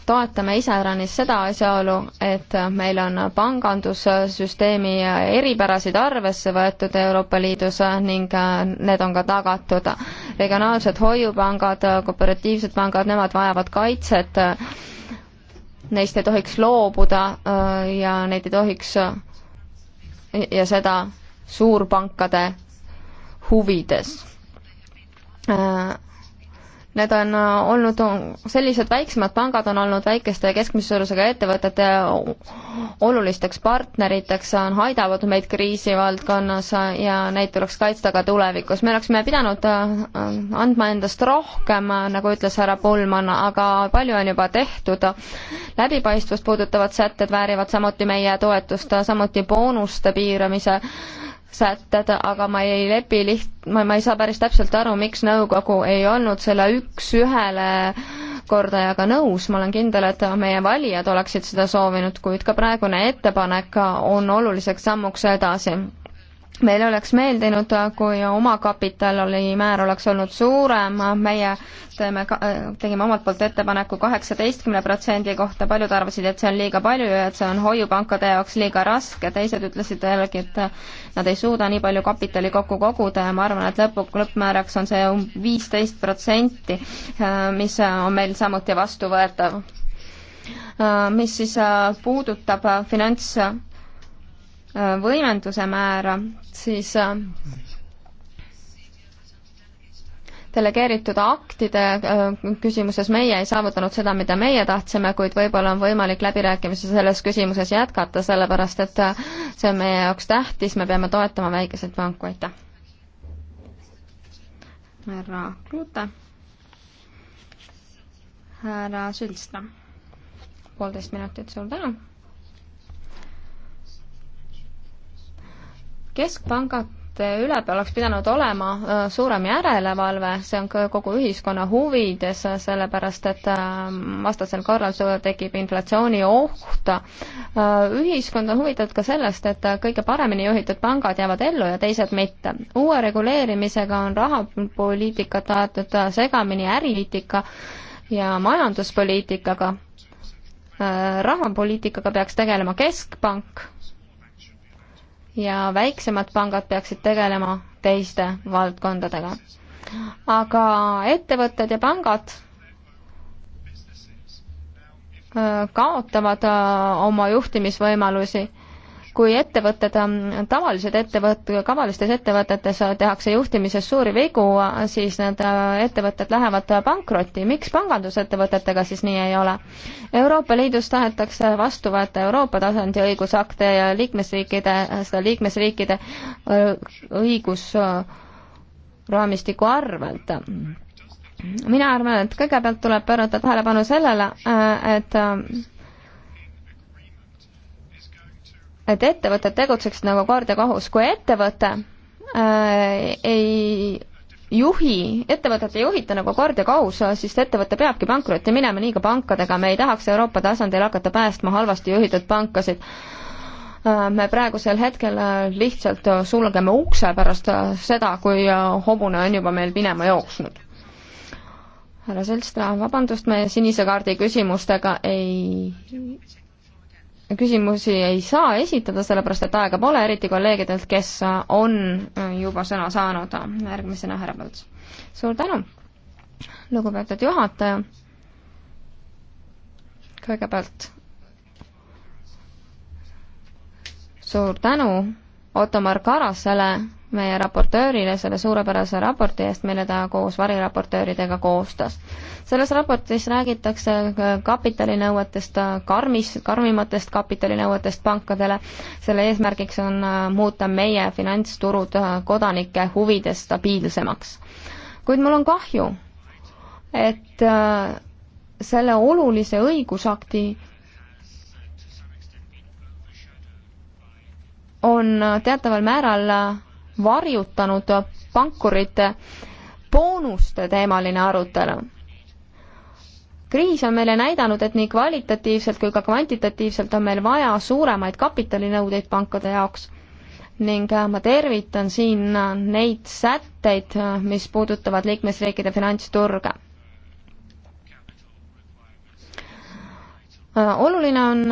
toetame iseäranis seda asjaolu, et meil on pangandussüsteemi eripärasid arvesse võetud Euroopa Liidus ning need on ka tagatud. regionaalsed hoiupangad, kooperatiivsed pangad, nemad vajavad kaitset, neist ei tohiks loobuda ja neid ei tohiks ja seda suurpankade huvides äh, Need on äh, olnud, sellised väiksemad pangad on olnud väikeste ja keskmise suurusega ettevõtete olulisteks partneriteks, on aidanud meid kriisivaldkonnas äh, ja neid tuleks kaitsta ka tulevikus. me oleksime pidanud äh, andma endast rohkem, nagu ütles härra Pullmann, aga palju on juba tehtud. läbipaistvust puudutavad sätted väärivad samuti meie toetust, samuti boonuste piiramise sätted, aga ma ei lepi liht-, ma, ma ei saa päris täpselt aru, miks nõukogu ei olnud selle üks-ühele kordajaga nõus, ma olen kindel, et meie valijad oleksid seda soovinud, kuid ka praegune ettepanek on oluliseks sammuks edasi meil oleks meeldinud, kui omakapitali määr oleks olnud suurem, meie teeme, tegime omalt poolt ettepaneku kaheksateistkümne protsendi kohta, paljud arvasid, et see on liiga palju ja et see on hoiupankade jaoks liiga raske, teised ütlesid jällegi, et nad ei suuda nii palju kapitali kokku koguda ja ma arvan, et lõpu, lõppmääraks on see um-, viisteist protsenti, mis on meil samuti vastuvõetav. mis siis puudutab finants võimenduse määra, siis äh, delegeeritud aktide äh, küsimuses meie ei saavutanud seda, mida meie tahtsime, kuid võib-olla on võimalik läbirääkimisi selles küsimuses jätkata, sellepärast et äh, see on meie jaoks tähtis, me peame toetama väikeseid panku, aitäh. härra Kruuta. härra Süldstra, poolteist minutit, suur tänu keskpangade üle oleks pidanud olema äh, suurem järelevalve, see on ka kogu ühiskonna huvides, sellepärast et äh, vastasel korral tekib inflatsiooni oht. Äh, ühiskond on huvitatud ka sellest, et kõige paremini juhitud pangad jäävad ellu ja teised mitte. uue reguleerimisega on rahapoliitikat aetud segamini äripoliitika ja majanduspoliitikaga rahapoliitikaga peaks tegelema Keskpank ja väiksemad pangad peaksid tegelema teiste valdkondadega. aga ettevõtted ja pangad äh, kaotavad äh, oma juhtimisvõimalusi kui ettevõtted, ähm, tavalised ettevõtted, tavalistes ettevõtetes tehakse juhtimises suuri vigu, siis need äh, ettevõtted lähevad pankrotti. miks pangandusettevõtetega siis nii ei ole? Euroopa Liidus tahetakse vastu võtta Euroopa tasandi õigusakte ja liikmesriikide, seda liikmesriikide äh, õigusraamistiku arvelt mina arvan, et kõigepealt tuleb pöörata tähelepanu sellele, äh, et et ettevõtted tegutseks nagu kord ja kohus. kui ettevõte äh, ei juhi, ettevõtet ei juhita nagu kord ja kohus, siis ettevõte peabki pankrotti minema, nii ka pankadega, me ei tahaks Euroopa tasandil hakata päästma halvasti juhitud pankasid äh,. me praegusel hetkel äh, lihtsalt sulgeme ukse pärast äh, seda, kui äh, hobune on juba meil minema jooksnud härra Selstra, vabandust, me sinise kaardi küsimustega ei küsimusi ei saa esitada, sellepärast et aega pole, eriti kolleegidelt, kes on juba sõna saanud. järgmisena härra Põlts. suur tänu, lugupeetud juhataja. kõigepealt suur tänu Ottomar Karasele meie raportöörile selle suurepärase raporti eest, mille ta koos variraportööridega koostas. selles raportis räägitakse kapitalinõuetest, karmis, karmimatest kapitalinõuetest pankadele, selle eesmärgiks on äh, muuta meie finantsturud äh, kodanike huvides stabiilsemaks. kuid mul on kahju, et äh, selle olulise õigusakti on teataval määral varjutanud pankurite boonuste teemaline arutelu. kriis on meile näidanud, et nii kvalitatiivselt kui ka kvantitatiivselt on meil vaja suuremaid kapitalinõudeid pankade jaoks ning äh, ma tervitan siin äh, neid sätteid, äh, mis puudutavad liikmesriikide finantsturge. oluline on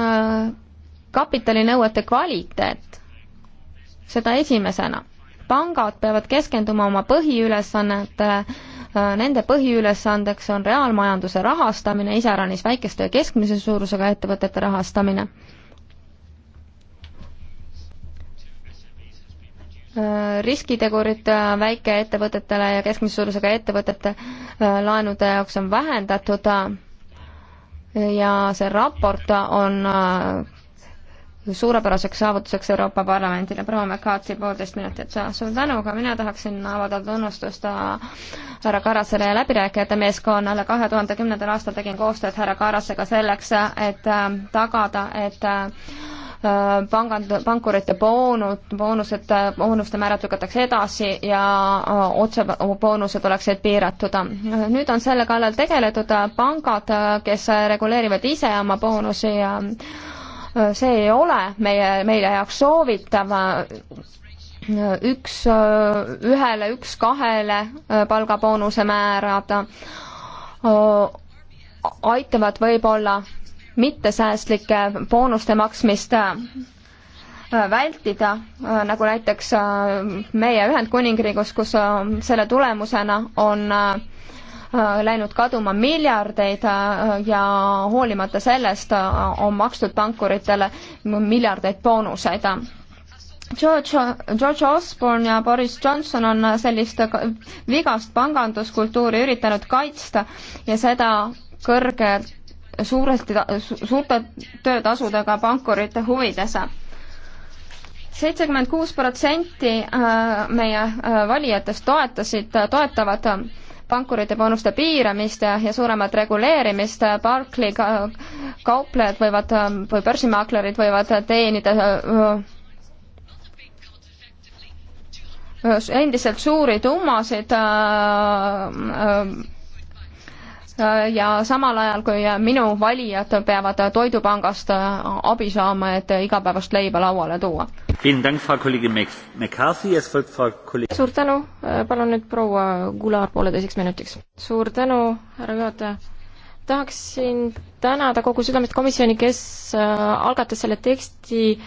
kapitalinõuete kvaliteet, seda esimesena pangad peavad keskenduma oma põhiülesannetele, äh, nende põhiülesandeks on reaalmajanduse rahastamine, iseäranis väikeste ja keskmise suurusega ettevõtete rahastamine. Äh, riskitegurid äh, väikeettevõtetele ja keskmise suurusega ettevõtete laenude jaoks on vähendatud ja see raport on suurepäraseks saavutuseks Euroopa Parlamendile. proua McCarthy, poolteist minutit saa. suur tänu, ka mina tahaksin avada tunnustust äh, härra Karasele ja läbirääkijate meeskonnale. kahe tuhande kümnendal aastal tegin koostööd härra Karasega selleks, et äh, tagada, et äh, pangand, pankurite boonud, boonused, äh, boonuste määrad lükatakse edasi ja äh, otse boonused oleksid piiratud. nüüd on selle kallal tegeletud, pangad, kes reguleerivad ise oma boonusi ja see ei ole meie, meile jaoks soovitav üks ühele, üks kahele palgaboonuse määrad aitavad võib-olla mittesäästlike boonuste maksmist vältida, nagu näiteks meie Ühendkuningriigis, kus selle tulemusena on Äh, läinud kaduma miljardeid äh, ja hoolimata sellest äh, on makstud pankuritele miljardeid boonuseid. George, George Osborne ja Boris Johnson on sellist vigast panganduskultuuri üritanud kaitsta ja seda kõrge, suurelt, suurte töötasudega pankurite huvides seitsekümmend kuus protsenti meie valijatest toetasid, toetavad pankurite panuste piiramist ja suuremat reguleerimist, Barclay kauplejad võivad või börsimaaklerid võivad teenida äh, äh, endiselt suuri summasid äh, ja samal ajal, kui minu valijad peavad Toidupangast abi saama, et igapäevast leiba lauale tuua. suur tänu, palun nüüd proua Gular pooleteiseks minutiks. suur tänu, härra juhataja tahaksin tänada kogu südamest komisjoni, kes äh, algatas selle teksti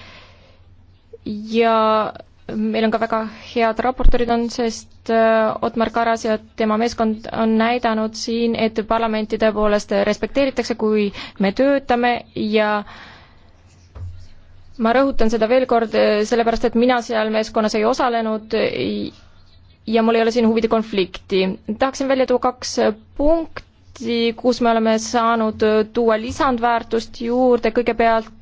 ja meil on ka väga head raportöörid on, sest äh, Otmar Karas ja tema meeskond on näidanud siin, et parlamenti tõepoolest respekteeritakse, kui me töötame ja ma rõhutan seda veel kord, äh, sellepärast et mina seal meeskonnas ei osalenud ja mul ei ole siin huvide konflikti. tahaksin välja tuua kaks punkti, kus me oleme saanud äh, tuua lisandväärtust juurde, kõigepealt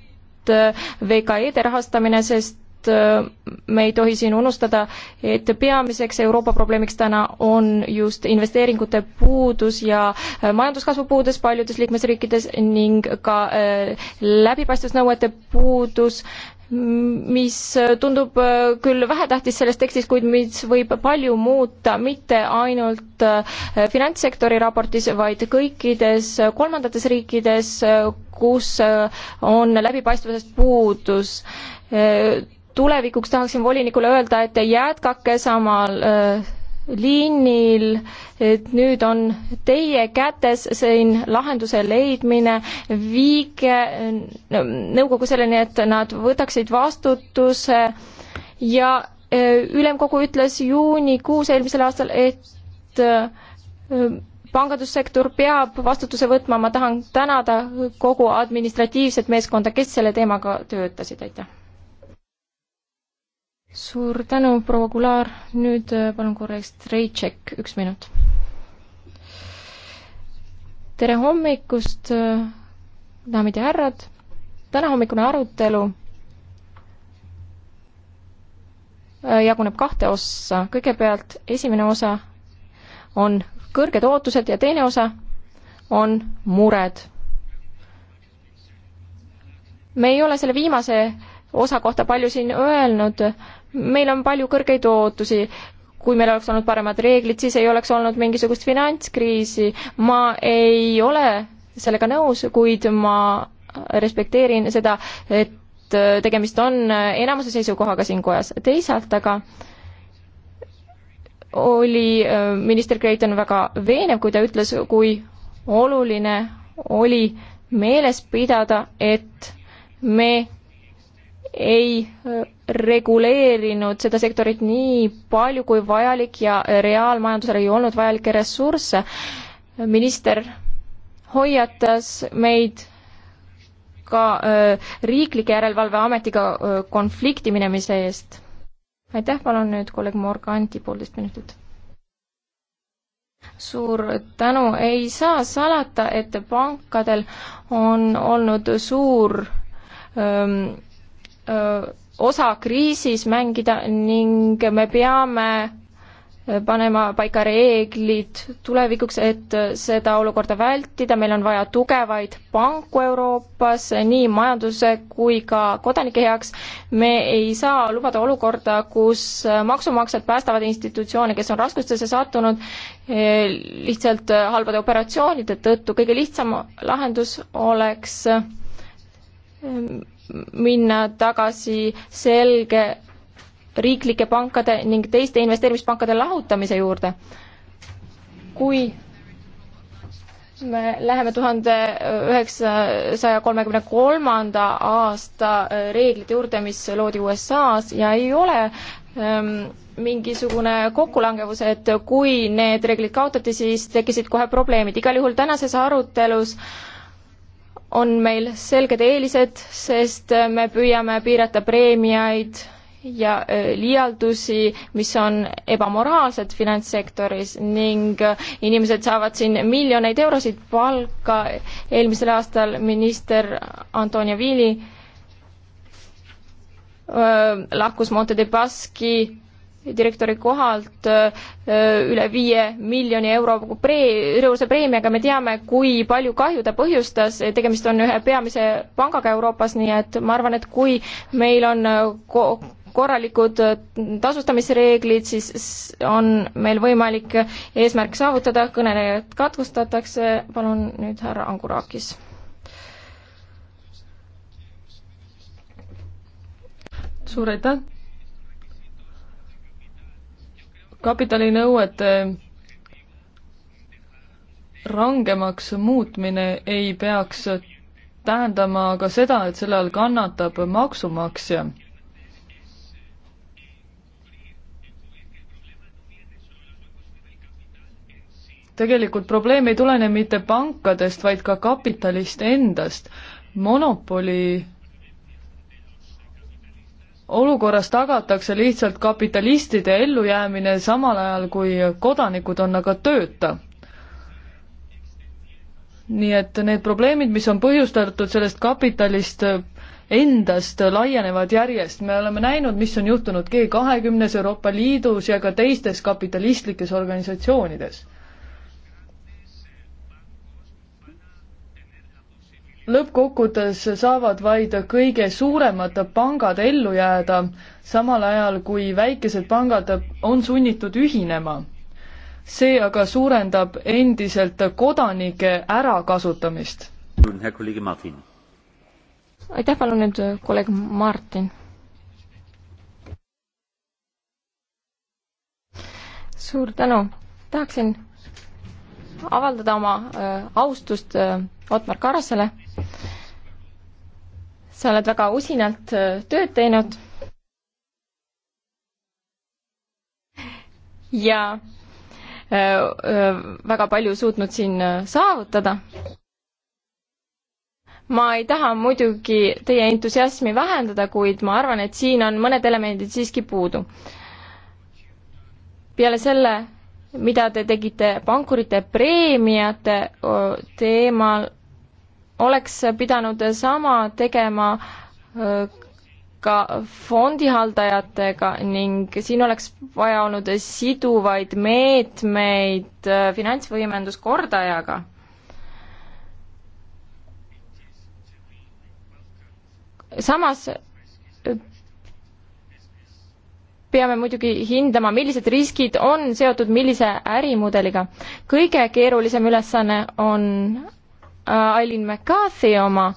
VKE-de rahastamine, sest Äh, me ei tohi siin unustada, et peamiseks Euroopa probleemiks täna on just investeeringute puudus ja äh, majanduskasvu puudus paljudes liikmesriikides ning ka äh, läbipaistvusnõuete puudus, mis tundub küll vähetähtis selles tekstis, kuid mis võib palju muuta mitte ainult finantssektori raportis, vaid kõikides kolmandates riikides, kus on läbipaistvusest puudus tulevikuks tahaksin volinikule öelda, et jätkake samal äh, liinil, et nüüd on teie kätes siin lahenduse leidmine, viige äh, nõukogu selleni, et nad võtaksid vastutuse ja äh, ülemkogu ütles juunikuus eelmisel aastal, et pangandussektor peab vastutuse võtma, ma tahan tänada kogu administratiivset meeskonda, kes selle teemaga töötasid, aitäh! suur tänu, proua Kular, nüüd äh, palun korraks Reitšek, üks minut. tere hommikust, äh, daamid ja härrad, tänahommikune arutelu äh, jaguneb kahte ossa, kõigepealt esimene osa on kõrged ootused ja teine osa on mured. me ei ole selle viimase osa kohta palju siin öelnud, meil on palju kõrgeid ootusi, kui meil oleks olnud paremad reeglid, siis ei oleks olnud mingisugust finantskriisi. ma ei ole sellega nõus, kuid ma respekteerin seda, et tegemist on enamuse seisukohaga siin kojas. teisalt aga oli äh, minister Creighton väga veenev, kui ta ütles, kui oluline oli meeles pidada, et me ei äh, reguleerinud seda sektorit nii palju kui vajalik ja reaalmajandusel ei olnud vajalikke ressursse. minister hoiatas meid ka öö, äh, riiklike järelevalveametiga äh, konflikti minemise eest. aitäh, palun nüüd kolleeg Morganti poolteist minutit. suur tänu, ei saa salata, et pankadel on olnud suur öö, ähm, öö, äh, osa kriisis mängida ning me peame panema paika reeglid tulevikuks, et seda olukorda vältida, meil on vaja tugevaid panku Euroopas nii majanduse kui ka kodanike heaks. me ei saa lubada olukorda, kus maksumaksjad päästavad institutsioone, kes on raskustesse sattunud lihtsalt halbade operatsioonide tõttu. kõige lihtsam lahendus oleks minna tagasi selge riiklike pankade ning teiste investeerimispankade lahutamise juurde. kui me läheme tuhande üheksasaja kolmekümne kolmanda aasta äh, reeglite juurde, mis loodi USA-s ja ei ole ähm, mingisugune kokkulangevus, et kui need reeglid kaotati, siis tekkisid kohe probleemid. igal juhul tänases arutelus äh, on meil selged eelised, sest me püüame piirata preemiaid ja äh, liialdusi, mis on ebamoraalsed finantssektoris ning äh, inimesed saavad siin miljoneid eurosid palka. eelmisel aastal minister Antonia Vili äh, lahkus Monte de Baski direktori kohalt üle viie miljoni euro pree-, eurose preemiaga, me teame, kui palju kahju ta põhjustas, tegemist on ühe peamise pangaga Euroopas, nii et ma arvan, et kui meil on ko-, korralikud tasustamisreeglid, siis on meil võimalik eesmärk saavutada, kõnelejad katkestatakse, palun nüüd härra Angurakis. suur aitäh! kapitalinõuete rangemaks muutmine ei peaks tähendama aga seda, et selle all kannatab maksumaksja. tegelikult probleem ei tulene mitte pankadest, vaid ka kapitalist endast. monopoli olukorras tagatakse lihtsalt kapitalistide ellujäämine, samal ajal kui kodanikud on aga tööta. nii et need probleemid, mis on põhjustatud sellest kapitalist endast, laienevad järjest, me oleme näinud, mis on juhtunud G kahekümnes, Euroopa Liidus ja ka teistes kapitalistlikes organisatsioonides lõppkokkuvõttes saavad vaid kõige suuremad pangad ellu jääda, samal ajal kui väikesed pangad on sunnitud ühinema. see aga suurendab endiselt kodanike ärakasutamist. aitäh, palun nüüd kolleeg Martin. suur tänu, tahaksin avaldada oma äh, austust äh, Otmar Karasele sa oled väga usinalt äh, tööd teinud. ja äh, äh, väga palju suutnud siin saavutada. ma ei taha muidugi teie entusiasmi vähendada, kuid ma arvan, et siin on mõned elemendid siiski puudu. peale selle, mida te tegite pankurite preemiate teemal, oleks pidanud sama tegema äh, ka fondihaldajatega ning siin oleks vaja olnud siduvaid meetmeid äh, finantsvõimenduskordajaga. samas äh, peame muidugi hindama, millised riskid on seotud millise ärimudeliga. kõige keerulisem ülesanne on Äh, Aileen McCarthy oma.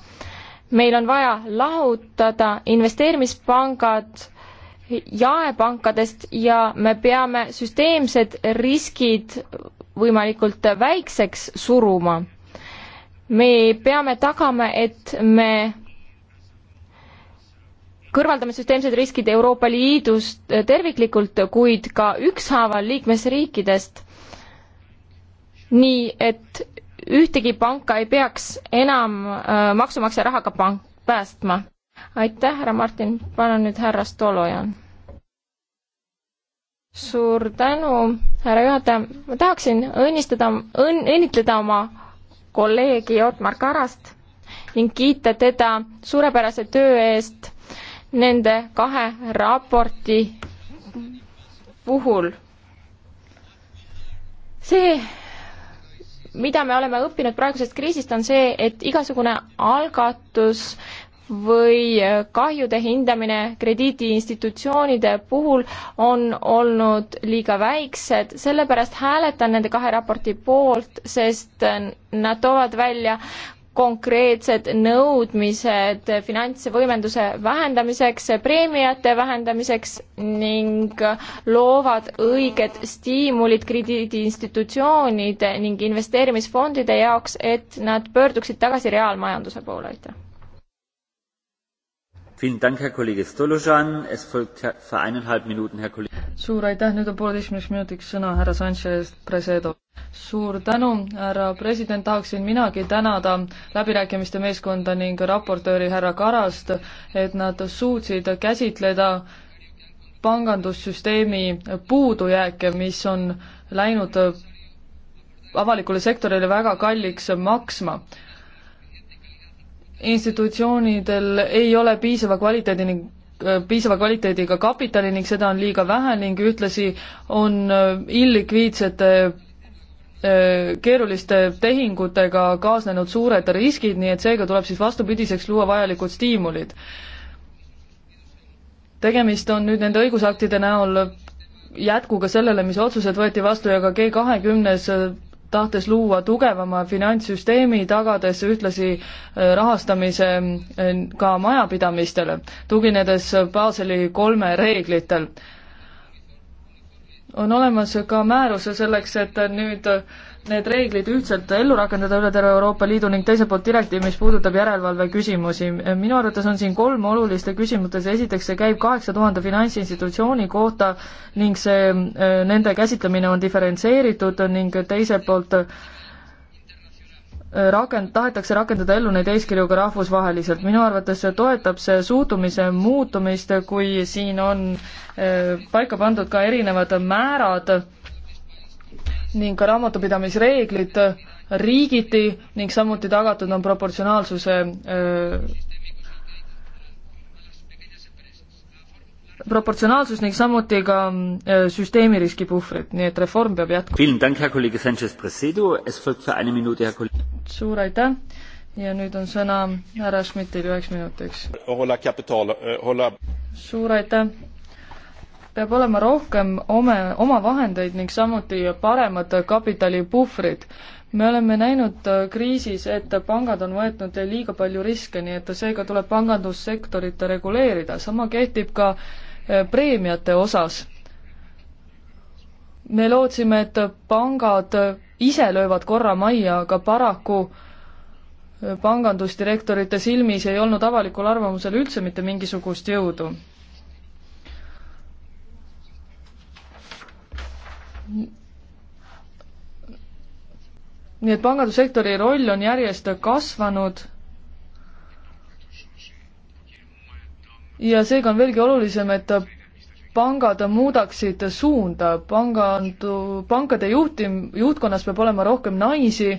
meil on vaja lahutada investeerimispangad jaepankadest ja me peame süsteemsed riskid võimalikult väikseks suruma. me peame tagama, et me kõrvaldame süsteemsed riskid Euroopa Liidust terviklikult, kuid ka ükshaaval liikmesriikidest. nii et ühtegi panka ei peaks enam äh, maksumaksja rahaga pank päästma. aitäh, härra Martin, palun nüüd härra Stolojan. suur tänu, härra juhataja, ma tahaksin õnnistada õn,, õnnitleda oma kolleegi Otmar Karast ning kiita teda suurepärase töö eest nende kahe raporti puhul. see mida me oleme õppinud praegusest kriisist, on see, et igasugune algatus või kahjude hindamine krediidiinstitutsioonide puhul on olnud liiga väiksed, sellepärast hääletan nende kahe raporti poolt, sest nad toovad välja konkreetsed nõudmised finantsvõimenduse vähendamiseks, preemiate vähendamiseks ning loovad õiged stiimulid krediidiinstitutsioonide ning investeerimisfondide jaoks, et nad pöörduksid tagasi reaalmajanduse poole, aitäh. suur aitäh, nüüd on pooleteistkümneks minutiks sõna härra Sanchez Presedo suur tänu, härra president, tahaksin minagi tänada läbirääkimiste meeskonda ning raportööri härra Karast, et nad suutsid käsitleda pangandussüsteemi puudujääke, mis on läinud avalikule sektorile väga kalliks maksma. institutsioonidel ei ole piisava kvaliteedi ning piisava kvaliteediga kapitali ning seda on liiga vähe ning ühtlasi on illikviidsete keeruliste tehingutega kaasnenud suured riskid, nii et seega tuleb siis vastupidiseks luua vajalikud stiimulid. tegemist on nüüd nende õigusaktide näol jätkuga sellele, mis otsused võeti vastu ja ka G kahekümnes tahtes luua tugevama finantssüsteemi, tagades ühtlasi rahastamise ka majapidamistele, tuginedes Baseli kolme reeglitel on olemas ka määruse selleks, et nüüd need reeglid ühtselt ellu rakendada üle terve Euroopa Liidu ning teiselt poolt direktiiv, mis puudutab järelevalve küsimusi. minu arvates on siin kolm olulist küsimust, esiteks see käib kaheksa tuhande finantsinstitutsiooni kohta ning see, äh, nende käsitlemine on diferentseeritud ning teiselt poolt äh, rakend-, tahetakse rakendada ellu neid eeskirju ka rahvusvaheliselt. minu arvates toetab see suhtumise muutumist, kui siin on äh, paika pandud ka erinevad määrad ning ka raamatupidamisreeglid riigiti ning samuti tagatud on proportsionaalsuse äh, proportsionaalsus ning samuti ka mm, äh, süsteemi riskipuhvrid, nii et reform peab jätkuma. suur aitäh ja nüüd on sõna härra Schmidtil üheks minutiks. Eh, suur aitäh! peab olema rohkem ome, omavahendeid ning samuti paremad kapitalipuhvrid. me oleme näinud äh, kriisis, et pangad on võetnud liiga palju riske, nii et seega tuleb pangandussektorit reguleerida, sama kehtib ka äh, Äh, preemiate osas. me lootsime, et pangad ise löövad korra majja, aga paraku äh, pangandusdirektorite silmis ei olnud avalikul arvamusel üldse mitte mingisugust jõudu. nii et pangandussektori roll on järjest kasvanud ja seega on veelgi olulisem, et pangad muudaksid suunda, pangandu, pankade juhtim-, juhtkonnas peab olema rohkem naisi,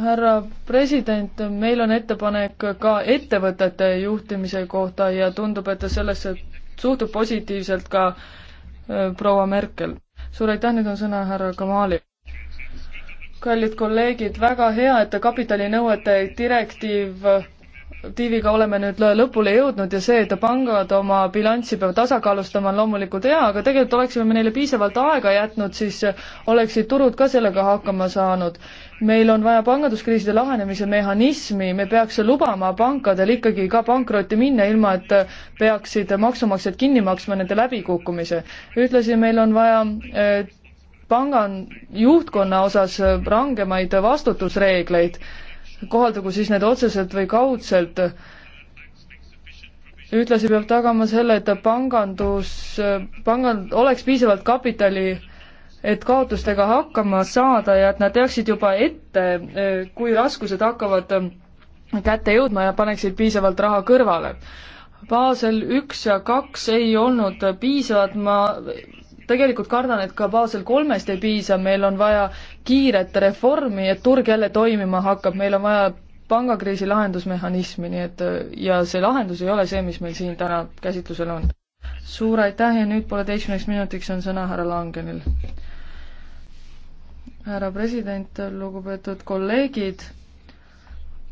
härra president, meil on ettepanek ka ettevõtete juhtimise kohta ja tundub, et sellesse suhtub positiivselt ka äh, proua Merkel. suur aitäh, nüüd on sõna härra Kamalil kallid kolleegid, väga hea, et kapitalinõuete direktiiv tiiviga oleme nüüd lõpule jõudnud ja see, et pangad oma bilanssi peavad tasakaalustama, on loomulikult hea, aga tegelikult oleksime me neile piisavalt aega jätnud, siis oleksid turud ka sellega hakkama saanud. meil on vaja panganduskriiside lahenemise mehhanismi, me peaks lubama pankadel ikkagi ka pankrotti minna, ilma et peaksid maksumaksjad kinni maksma nende läbikukkumise. ühtlasi meil on vaja panga juhtkonna osas äh, rangemaid vastutusreegleid, kohaldagu siis need otseselt või kaudselt. ühtlasi peab tagama selle, et pangandus, äh, pangand oleks piisavalt kapitali, et kaotustega hakkama saada ja et nad teaksid juba ette, äh, kui raskused hakkavad kätte jõudma ja paneksid piisavalt raha kõrvale. Basel üks ja kaks ei olnud piisavad, ma tegelikult kardan, et ka Basel kolmest ei piisa, meil on vaja kiiret reformi, et turg jälle toimima hakkab, meil on vaja pangakriisi lahendusmehhanismi, nii et ja see lahendus ei ole see, mis meil siin täna käsitlusel on. suur aitäh ja nüüd pooleteistkümneks minutiks on sõna härra Langenil. härra president, lugupeetud kolleegid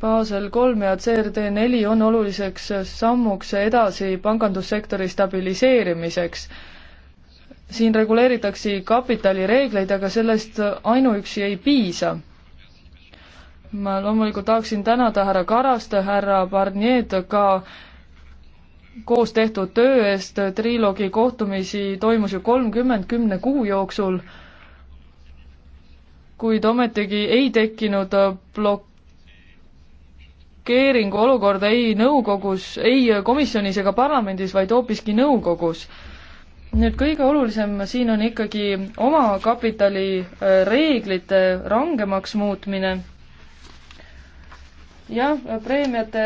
Basel kolm ja CRD neli on oluliseks sammuks edasi pangandussektori stabiliseerimiseks siin reguleeritakse kapitalireegleid, aga sellest ainuüksi ei piisa. ma loomulikult tahaksin tänada härra Karaste, härra Barnier'd ka koos tehtud töö eest, triloogi kohtumisi toimus ju kolmkümmend kümne kuu jooksul, kuid ometigi ei tekkinud blokeeringu olukorda ei nõukogus, ei komisjonis ega parlamendis, vaid hoopiski nõukogus nüüd kõige olulisem siin on ikkagi omakapitali äh, reeglite rangemaks muutmine. jah, preemiate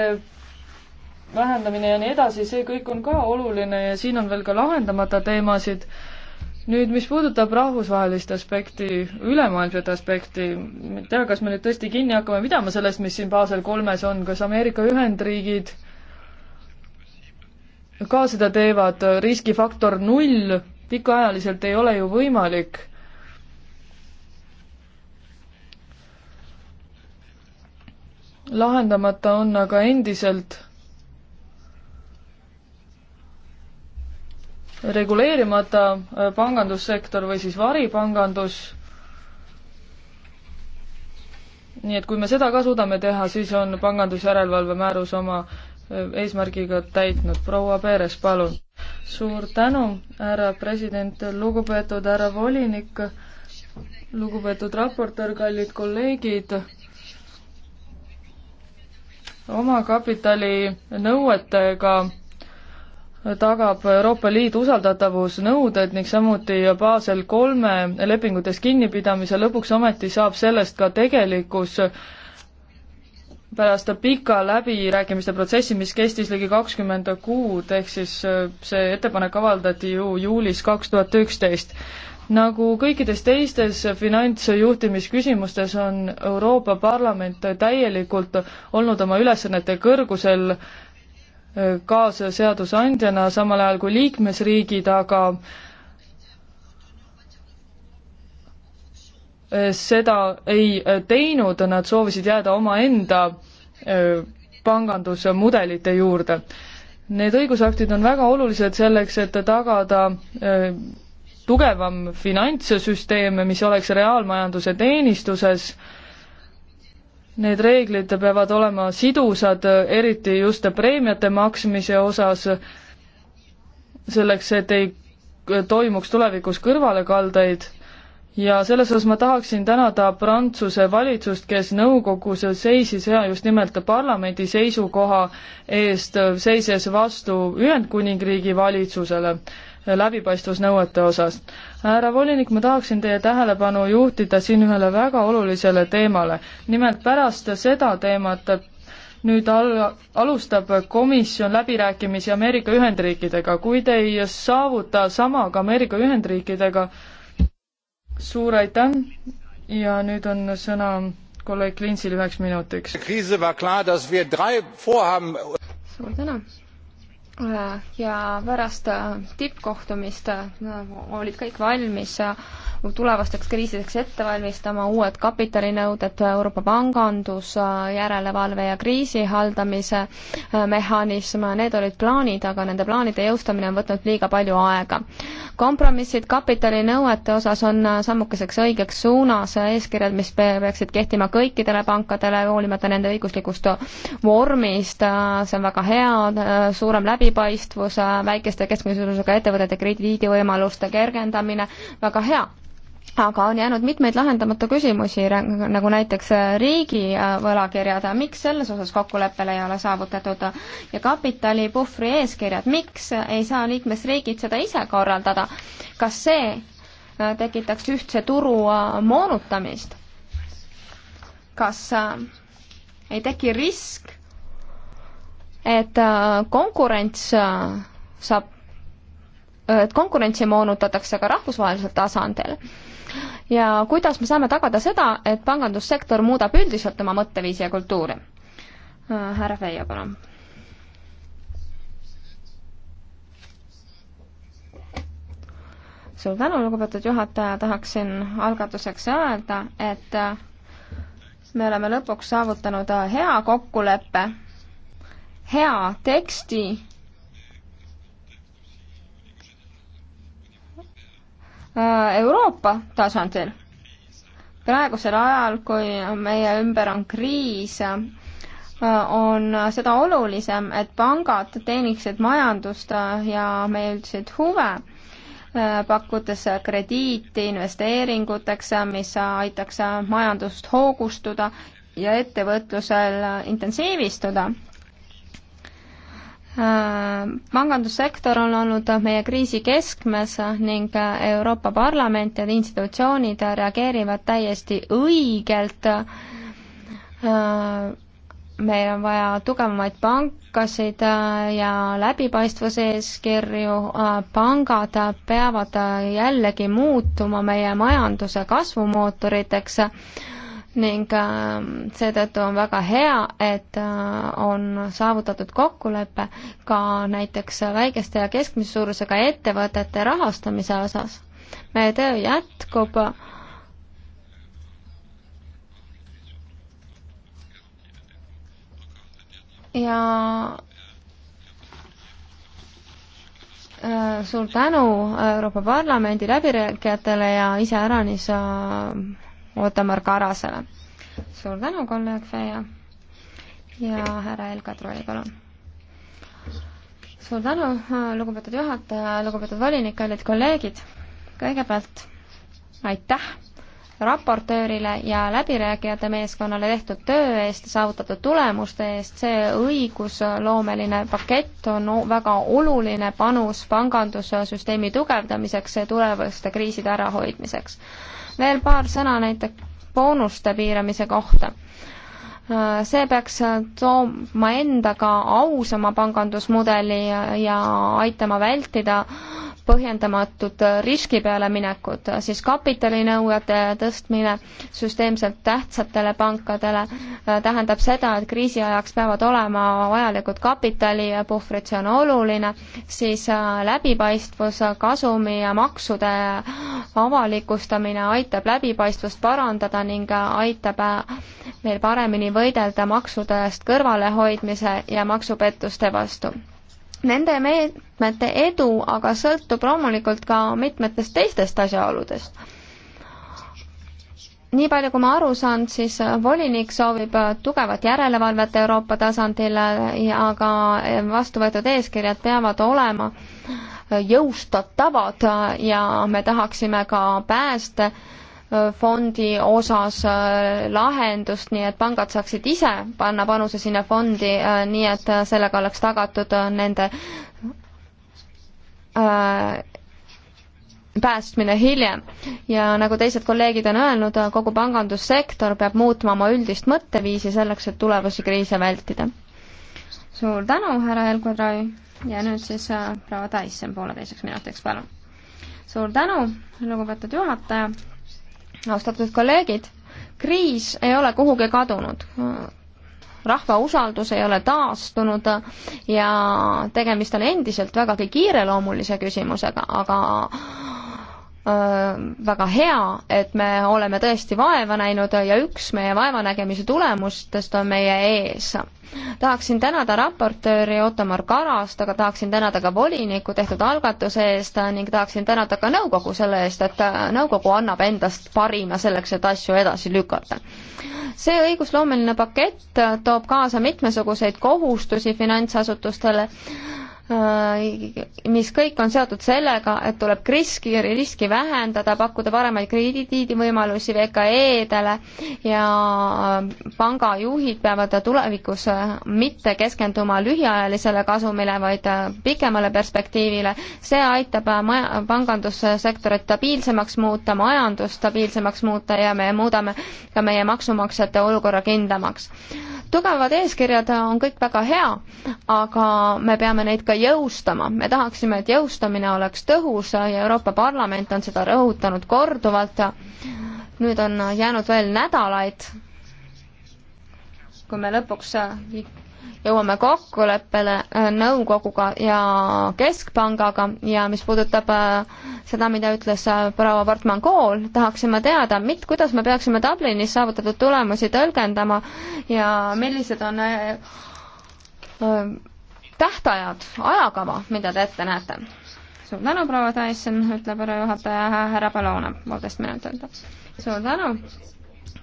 vähendamine ja nii edasi, see kõik on ka oluline ja siin on veel ka lahendamata teemasid. nüüd, mis puudutab rahvusvahelist aspekti, ülemaailmset aspekti, ma ei tea, kas me nüüd tõesti kinni hakkame pidama sellest, mis siin Basel kolmes on, kas Ameerika Ühendriigid äh, ka seda teevad, äh, riskifaktor null pikaajaliselt ei ole ju võimalik. lahendamata on aga endiselt reguleerimata äh, pangandussektor või siis varipangandus. nii et kui me seda ka suudame teha, siis on pangandusjärelevalve määrus oma eesmärgiga täitnud. proua Peeres, palun. suur tänu, härra president, lugupeetud härra volinik, lugupeetud raportöör, kallid kolleegid. omakapitali nõuetega tagab Euroopa Liidu usaldatavusnõuded ning samuti Basel kolme lepingutes kinnipidamise, lõpuks ometi saab sellest ka tegelikkus pärast pika läbirääkimiste protsessi, mis kestis ligi kakskümmend kuud, ehk siis äh, see ettepanek avaldati ju juulis kaks tuhat üksteist. nagu kõikides teistes finantsjuhtimisküsimustes on Euroopa Parlament täielikult olnud oma ülesannete kõrgusel äh, kaasseadusandjana, samal ajal kui liikmesriigid aga äh, seda ei teinud, nad soovisid jääda omaenda pangandusmudelite juurde. Need õigusaktid on väga olulised selleks, et tagada tugevam finantssüsteem, mis oleks reaalmajanduse teenistuses. Need reeglid peavad olema sidusad, eriti just preemiate maksmise osas, selleks et ei toimuks tulevikus kõrvalekaldeid ja selles osas ma tahaksin tänada Prantsuse valitsust, kes nõukogus seisis ja just nimelt parlamendi seisukoha eest, seises vastu Ühendkuningriigi valitsusele läbipaistvusnõuete osas. härra volinik, ma tahaksin teie tähelepanu juhtida siin ühele väga olulisele teemale. nimelt pärast seda teemat nüüd al-, alustab komisjon läbirääkimisi Ameerika Ühendriikidega. kui te ei saavuta sama ka Ameerika Ühendriikidega, suur aitäh ja nüüd on sõna kolleeg Klinsil üheks minutiks. suur tänu Äh, ja pärast äh, tippkohtumist no, äh, olid kõik valmis tulevasteks kriisideks ette valmistama, uued kapitalinõuded, Euroopa pangandus, järelevalve ja kriisi haldamise mehhanism, need olid plaanid, aga nende plaanide jõustamine on võtnud liiga palju aega. kompromissid kapitalinõuete osas on sammukeseks õigeks suunas, eeskirjad, mis peaksid kehtima kõikidele pankadele, hoolimata nende õiguslikust vormist, see on väga hea, suurem läbi läbipaistvus, väikeste keskmise suurusega ettevõtete krediidivõimaluste kergendamine, väga hea aga on jäänud mitmeid lahendamata küsimusi, nagu näiteks riigi äh, võlakirjad, miks selles osas kokkuleppele ei ole saavutatud ja kapitalipuhvri eeskirjad, miks ei saa liikmesriigid seda ise korraldada, kas see äh, tekitaks ühtse turu äh, moonutamist? kas ei teki risk, et äh, konkurents äh, saab, äh, et konkurentsi moonutatakse ka rahvusvahelisel tasandil. ja kuidas me saame tagada seda, et pangandussektor muudab üldiselt oma mõtteviisi ja kultuuri? härra Feia, palun. suur tänu, lugupeetud juhataja, tahaksin algatuseks öelda, et me oleme lõpuks saavutanud hea kokkuleppe hea teksti, äh, Euroopa tasandil. praegusel ajal, kui meie ümber on kriis, äh, on seda olulisem, et pangad teeniksid majandust äh, ja meie üldiseid huve, pakkudes krediiti investeeringuteks, mis aitaks majandust hoogustuda ja ettevõtlusel intensiivistuda Äh, pangandussektor on olnud meie kriisi keskmes ning äh, Euroopa Parlament ja institutsioonid reageerivad täiesti õigelt. Äh, meil on vaja tugevamaid pankasid ja läbipaistvuse eeskirju, pangad peavad jällegi muutuma meie majanduse kasvumootoriteks ning ähm, seetõttu on väga hea, et äh, on saavutatud kokkulepe ka näiteks väikeste ja keskmise suurusega ettevõtete rahastamise osas. meie töö jätkub. ja äh, suur tänu Euroopa Parlamendi läbirääkijatele ja iseäranis äh, Ootamar Karasele. suur tänu, kolleeg Feia ja härra Elka Troi, palun. suur tänu, lugupeetud juhataja, lugupeetud volinik, kallid kolleegid. kõigepealt aitäh raportöörile ja läbirääkijate meeskonnale tehtud töö eest ja saavutatud tulemuste eest, see õigusloomeline pakett on väga oluline panus pangandussüsteemi tugevdamiseks ja tulevaste kriiside ärahoidmiseks veel paar sõna näiteks boonuste piiramise kohta see peaks tooma endaga ausama pangandusmudeli ja aitama vältida põhjendamatud riski peale minekud, siis kapitalinõuete tõstmine süsteemselt tähtsatele pankadele äh, tähendab seda, et kriisi ajaks peavad olema vajalikud kapitalipuhvrid, see on oluline, siis äh, läbipaistvus, kasumi ja maksude avalikustamine aitab läbipaistvust parandada ning äh, aitab meil paremini võidelda maksude eest kõrvalehoidmise ja maksupettuste vastu Nende meetmete edu aga sõltub loomulikult ka mitmetest teistest asjaoludest. nii palju, kui ma aru saan, siis volinik soovib tugevat järelevalvet Euroopa tasandil, aga vastuvõetud eeskirjad peavad olema jõustatavad ja me tahaksime ka pääste fondi osas äh, lahendust, nii et pangad saaksid ise panna panuse sinna fondi, äh, nii et äh, sellega oleks tagatud nende päästmine hiljem. ja nagu teised kolleegid on öelnud, kogu pangandussektor peab muutma oma üldist mõtteviisi selleks, et tulevasi kriise vältida. suur tänu, härra Elkvadrai ja nüüd siis proua Tyson pooleteiseks minutiks, palun. suur tänu, lugupeetud juhataja austatud kolleegid, kriis ei ole kuhugi kadunud. rahva usaldus ei ole taastunud ja tegemist on endiselt vägagi kiireloomulise küsimusega, aga väga hea, et me oleme tõesti vaeva näinud ja üks meie vaevanägemise tulemustest on meie ees. tahaksin tänada raportööri Ottomar Karast, aga tahaksin tänada ka volinikku tehtud algatuse eest ning tahaksin tänada ka nõukogu selle eest, et nõukogu annab endast parima selleks, et asju edasi lükata. see õigusloomeline pakett toob kaasa mitmesuguseid kohustusi finantsasutustele Äh, mis kõik on seotud sellega, et tuleb riski, riski vähendada, pakkuda paremaid krediidivõimalusi VKE-dele ja äh, pangajuhid peavad tulevikus äh, mitte keskenduma lühiajalisele kasumile, vaid pikemale perspektiivile. see aitab maja, pangandussektorit stabiilsemaks muuta, majandust stabiilsemaks muuta ja me muudame ka meie maksumaksjate olukorra kindlamaks tugevad eeskirjad on kõik väga hea, aga me peame neid ka jõustama. me tahaksime, et jõustamine oleks tõhus ja Euroopa Parlament on seda rõhutanud korduvalt. nüüd on jäänud veel nädalaid, kui me lõpuks jõuame kokkuleppele äh, nõukoguga ja keskpangaga ja mis puudutab äh, seda, mida ütles äh, proua Portman Kool, tahaksime teada, mit-, kuidas me peaksime Dublinis saavutatud tulemusi tõlgendama ja millised on tähtajad, ajakava, mida te ette näete? suur tänu, proua Tyson, ütleb härra juhataja, härra Palone, poolteist minutit. suur tänu,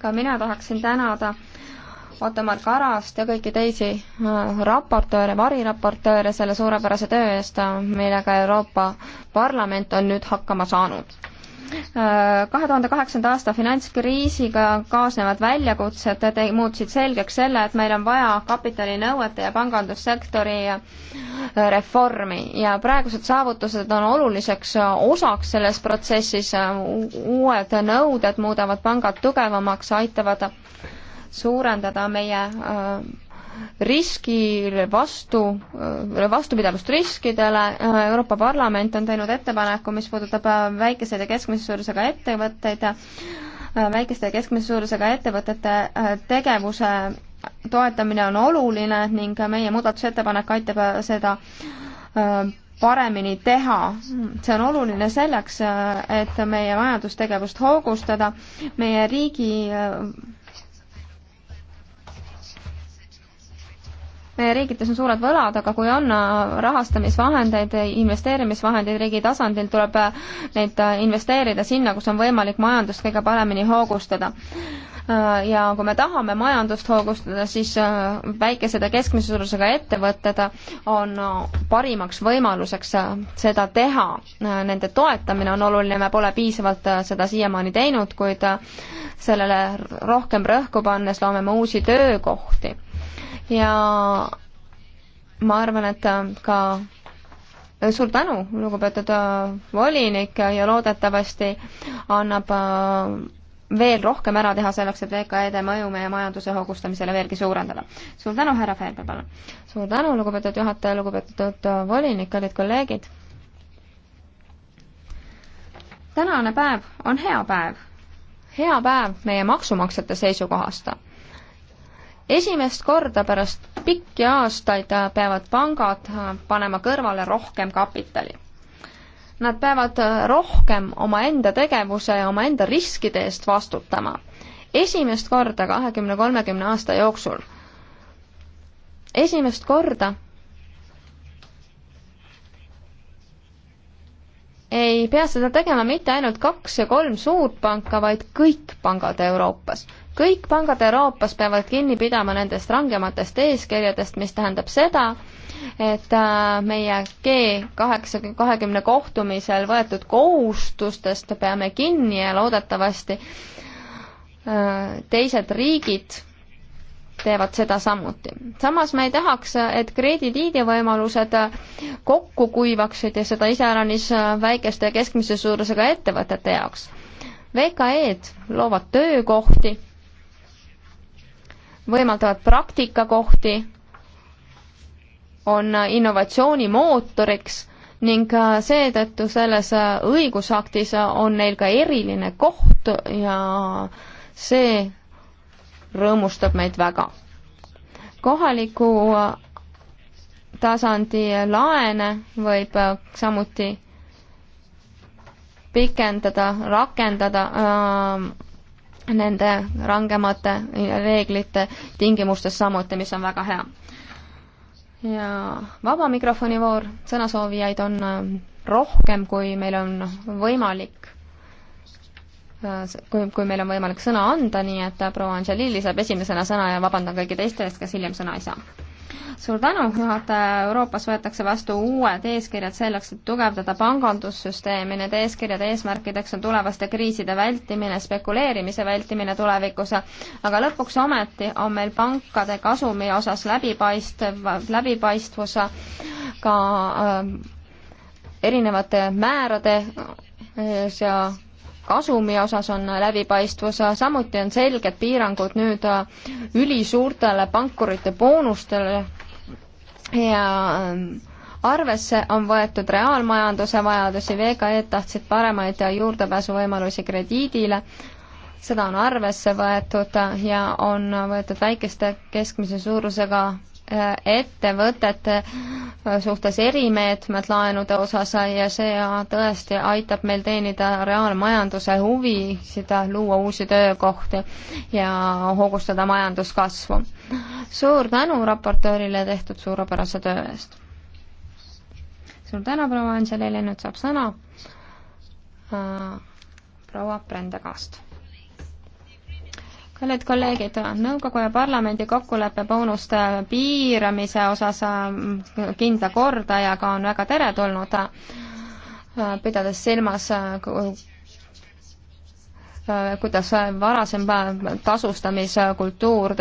ka mina tahaksin tänada äh, Ottomar Karast ja kõiki teisi äh, raportööre, variraportööre selle suurepärase töö eest, äh, millega Euroopa Parlament on nüüd hakkama saanud. Äh, kahe tuhande kaheksanda aasta finantskriisiga kaasnevad väljakutsed te-, muutsid selgeks selle, et meil on vaja kapitalinõuete ja pangandussektori reformi ja praegused saavutused on oluliseks osaks selles protsessis, uued nõuded muudavad pangad tugevamaks, aitavad suurendada meie äh, riskile vastu, äh, vastupidavust riskidele, äh, Euroopa Parlament on teinud ettepaneku, mis puudutab väikeseid ja keskmise suurusega ettevõtteid, väikeste ja keskmise suurusega ettevõtete tegevuse toetamine on oluline ning meie muudatusettepanek aitab seda paremini teha. see on oluline selleks, et meie majandustegevust hoogustada, meie riigi meie riikides on suured võlad, aga kui on äh, rahastamisvahendeid, investeerimisvahendeid riigi tasandil, tuleb äh, neid äh, investeerida sinna, kus on võimalik majandust kõige paremini hoogustada ja kui me tahame majandust hoogustada, siis väikesed ja keskmise suurusega ettevõtted on parimaks võimaluseks seda teha. Nende toetamine on oluline, me pole piisavalt seda siiamaani teinud, kuid sellele rohkem rõhku pannes loome me uusi töökohti ja ma arvan, et äh, ka äh, suur tänu, lugupeetud äh, volinik ja loodetavasti annab veel rohkem ära teha selleks, et VKE-de mõju meie majanduse hoogustamisele veelgi suurendada. suur tänu, härra Feerber, palun! suur tänu, lugupeetud juhataja, lugupeetud volinik, kallid kolleegid! tänane päev on hea päev. hea päev meie maksumaksjate seisukohast esimest korda pärast pikki aastaid peavad pangad panema kõrvale rohkem kapitali. Nad peavad rohkem omaenda tegevuse ja omaenda riskide eest vastutama. esimest korda kahekümne, kolmekümne aasta jooksul. esimest korda ei pea seda tegema mitte ainult kaks ja kolm suurt panka, vaid kõik pangad Euroopas kõik pangad Euroopas peavad kinni pidama nendest rangematest eeskirjadest, mis tähendab seda, et äh, meie G kaheksa, kahekümne kohtumisel võetud kohustustest peame kinni ja loodetavasti äh, teised riigid teevad seda samuti. samas me ei tahaks, et krediidi võimalused kokku kuivaksid ja seda iseäranis väikeste ja keskmise suurusega ettevõtete jaoks. VKE-d loovad töökohti võimaldavad praktikakohti, on innovatsiooni mootoriks ning äh, seetõttu selles äh, õigusaktis äh, on neil ka eriline koht ja see rõõmustab meid väga. kohaliku tasandi laene võib samuti pikendada, rakendada äh, nende rangemate reeglite tingimustes samuti, mis on väga hea. ja vaba mikrofoni voor, sõnasoovijaid on äh, rohkem, kui meil on võimalik äh, kui, kui meil on võimalik sõna anda, nii et äh, proua Anželili saab esimesena sõna ja vabandan kõigi teiste eest, kes hiljem sõna ei saa suur tänu, juhataja, Euroopas võetakse vastu uued eeskirjad selleks, et tugevdada pangandussüsteemi, need eeskirjade eesmärkideks on tulevaste kriiside vältimine, spekuleerimise vältimine tulevikus, aga lõpuks ometi on meil pankade kasumi osas läbipaistev, läbipaistvus ka äh, erinevate määrade äh, ja kasumi osas on läbipaistvus, samuti on selged piirangud nüüd äh, ülisuurtele pankurite boonustele ja ähm, arvesse on võetud reaalmajanduse vajadusi, VKE-d tahtsid paremaid juurdepääsuvõimalusi krediidile, seda on arvesse võetud ja on võetud väikeste keskmise suurusega äh, ettevõtete äh, suhtes erimeetmed laenude osas ja see tõesti aitab meil teenida reaalmajanduse huvisid, luua uusi töökohti ja hoogustada majanduskasvu suur tänu raportöörile tehtud suurepärase töö eest. suur tänu, proua Anselile, nüüd saab sõna äh, proua Prendekast kallid kolleegid, nõukogu ja parlamendi kokkulepe boonuste piiramise osas äh, kindla kordajaga on väga teretulnud, äh, pidades silmas, kuidas varasem tasustamiskultuur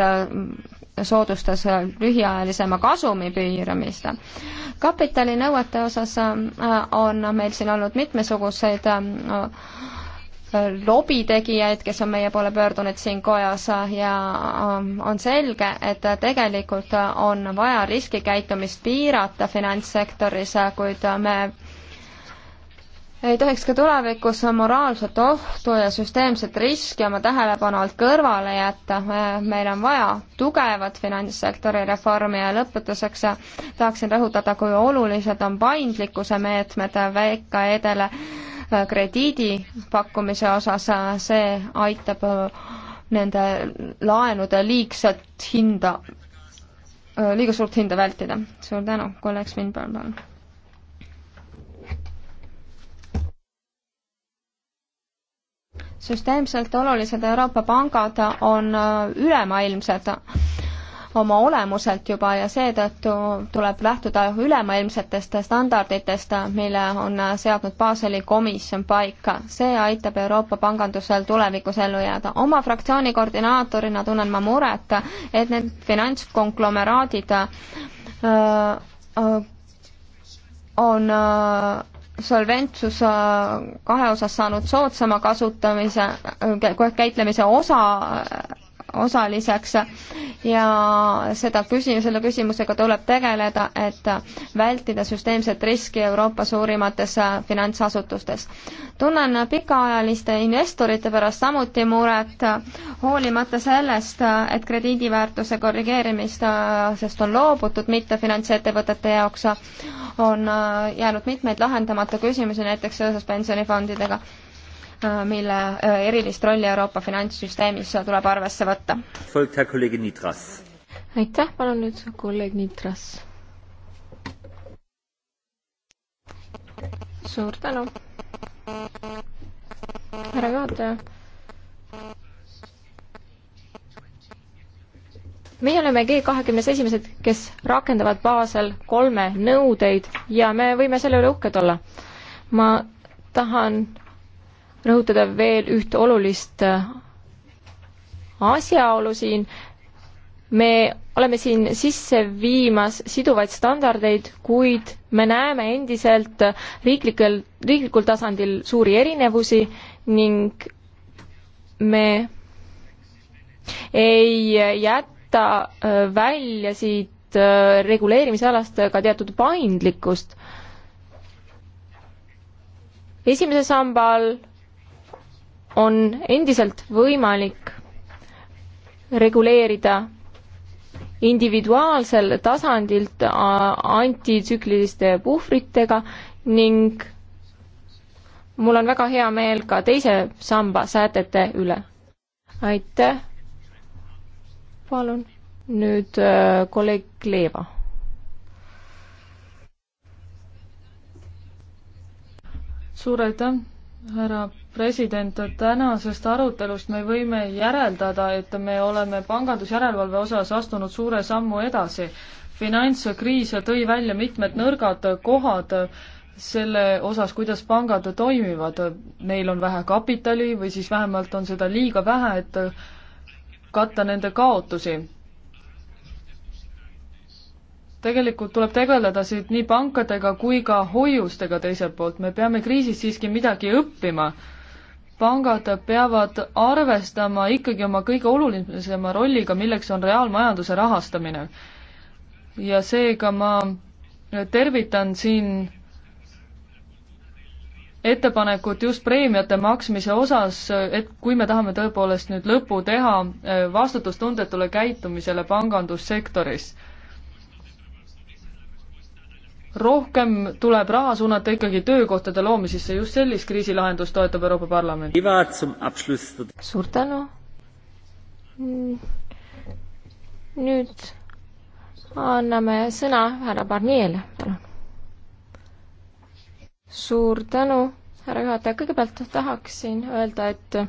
soodustas lühiajalisema kasumi piiramist. kapitalinõuete osas äh, on meil siin olnud mitmesuguseid äh, lobitegijaid, kes on meie poole pöördunud siin kojas ja äh, on selge, et tegelikult on vaja riskikäitumist piirata finantssektoris, kuid me ei tohiks ka tulevikus moraalset ohtu ja süsteemset riski oma tähelepanu alt kõrvale jätta. meil on vaja tugevat finantssektori reformi ja lõpetuseks tahaksin rõhutada, kui olulised on paindlikkuse meetmed VKE-dele krediidi pakkumise osas, see aitab nende laenude liigset hinda, liiga suurt hinda vältida. suur tänu, kolleeg Svinberg, palun süsteemselt olulised Euroopa pangad on äh, ülemaailmsed oma olemuselt juba ja seetõttu tuleb lähtuda ülemaailmsetest standarditest, mille on äh, seadnud Baseli komisjon paika. see aitab Euroopa pangandusel tulevikus ellu jääda. oma fraktsiooni koordinaatorina tunnen ma muret, et need finantskonglomeraadid äh, on öö, solventsus kahe osas saanud soodsama kasutamise, käitlemise osa osaliseks ja seda küsi-, selle küsimusega tuleb tegeleda, et vältida süsteemset riski Euroopa suurimates äh, finantsasutustes. tunnen pikaajaliste investorite pärast samuti muret, hoolimata sellest, et krediidiväärtuse korrigeerimist, äh, sest on loobutud mittefinantsettevõtete jaoks, on äh, jäänud mitmeid lahendamata küsimusi, näiteks seoses pensionifondidega Äh, mille äh, erilist rolli Euroopa finantssüsteemis tuleb arvesse võtta. aitäh, palun nüüd kolleeg Nitras. suur tänu, härra juhataja. meie oleme G kahekümnes esimesed, kes rakendavad Basel kolme nõudeid ja me võime selle üle uhked olla. ma tahan rõhutada veel üht olulist äh, asjaolu siin. me oleme siin sisse viimas siduvaid standardeid, kuid me näeme endiselt riiklikel, riiklikul tasandil suuri erinevusi ning me ei jäta äh, välja siit äh, reguleerimisalast ka teatud paindlikkust. esimese samba all on endiselt võimalik reguleerida individuaalsel tasandilt antitsükliliste puhvritega ning mul on väga hea meel ka teise samba säätete üle. aitäh. palun nüüd äh, kolleeg Kleeva. suur aitäh, härra president, tänasest arutelust me võime järeldada, et me oleme pangandusjärelevalve osas astunud suure sammu edasi. finantskriis tõi välja mitmed nõrgad kohad selle osas, kuidas pangad toimivad. Neil on vähe kapitali või siis vähemalt on seda liiga vähe, et katta nende kaotusi. tegelikult tuleb tegeleda siit nii pankadega kui ka hoiustega teiselt poolt, me peame kriisist siiski midagi õppima pangad peavad arvestama ikkagi oma kõige olulisema rolliga, milleks on reaalmajanduse rahastamine. ja seega ma tervitan siin ettepanekut just preemiate maksmise osas, et kui me tahame tõepoolest nüüd lõpu teha vastutustundetule käitumisele pangandussektoris rohkem tuleb raha suunata ikkagi töökohtade loomisesse, just sellist kriisilahendust toetab Euroopa Parlament. suur tänu. nüüd anname sõna härra Barnierile, palun. suur tänu, härra juhataja, kõigepealt tahaksin öelda, et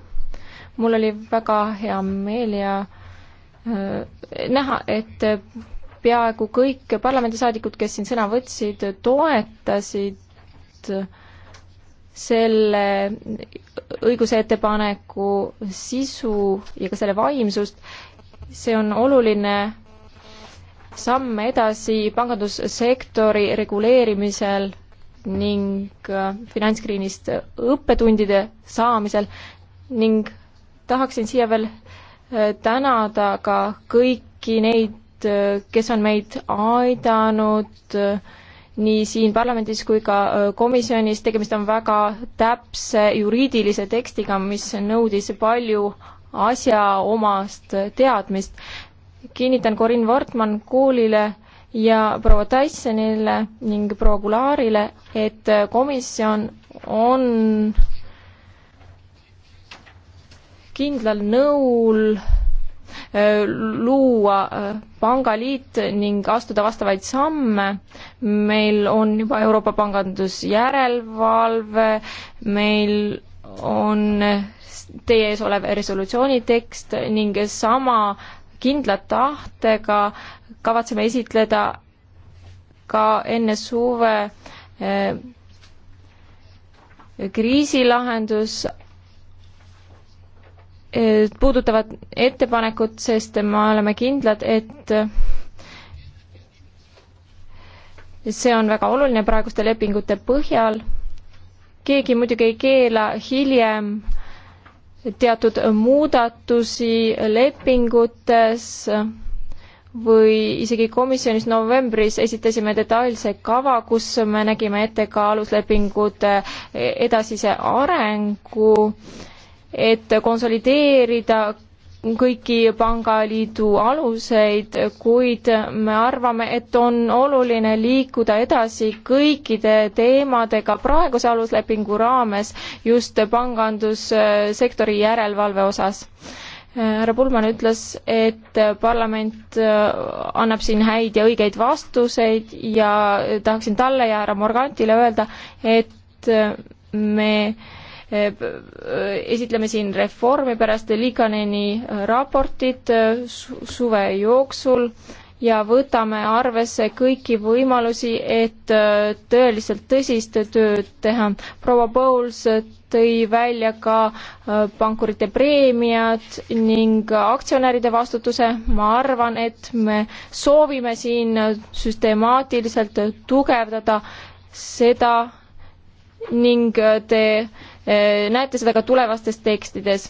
mul oli väga hea meel ja äh, näha, et peaaegu kõik parlamendisaadikud, kes siin sõna võtsid, toetasid selle õiguse ettepaneku sisu ja ka selle vaimsust. see on oluline samm edasi pangandussektori reguleerimisel ning finantskriinist õppetundide saamisel ning tahaksin siia veel tänada ka kõiki neid Äh, kes on meid aidanud äh, nii siin parlamendis kui ka äh, komisjonis, tegemist on väga täpse juriidilise tekstiga, mis nõudis palju asjaomast teadmist. kinnitan Corinne Wortmann koolile ja proua Tysonile ning proua Gularile, et komisjon on kindlal nõul Äh, luua äh, pangaliit ning astuda vastavaid samme. meil on juba Euroopa pangandusjärelevalve, meil on teie ees olev resolutsiooni tekst ning sama kindla tahtega kavatseme esitleda ka enne suve äh, kriisilahendus puudutavat ettepanekut, sest me oleme kindlad, et see on väga oluline praeguste lepingute põhjal. keegi muidugi ei keela hiljem teatud muudatusi lepingutes või isegi komisjonis novembris esitasime detailse kava, kus me nägime ette ka aluslepingute edasise arengu äh, et konsolideerida kõiki pangaliidu aluseid, kuid me arvame, et on oluline liikuda edasi kõikide teemadega praeguse aluslepingu raames just pangandussektori järelevalve osas. härra Pulman ütles, et parlament äh, annab siin häid ja õigeid vastuseid ja tahaksin talle ja härra Morgantile öelda, et äh, me äh, esitleme siin reformi pärast Liganeni raportit suve jooksul ja võtame arvesse kõiki võimalusi, et äh, tõeliselt tõsist tööd teha. proua Pauls tõi välja ka äh, pankurite preemiad ning aktsionäride vastutuse. ma arvan, et me soovime siin süstemaatiliselt tugevdada seda ning äh, te äh, näete seda ka tulevastes tekstides.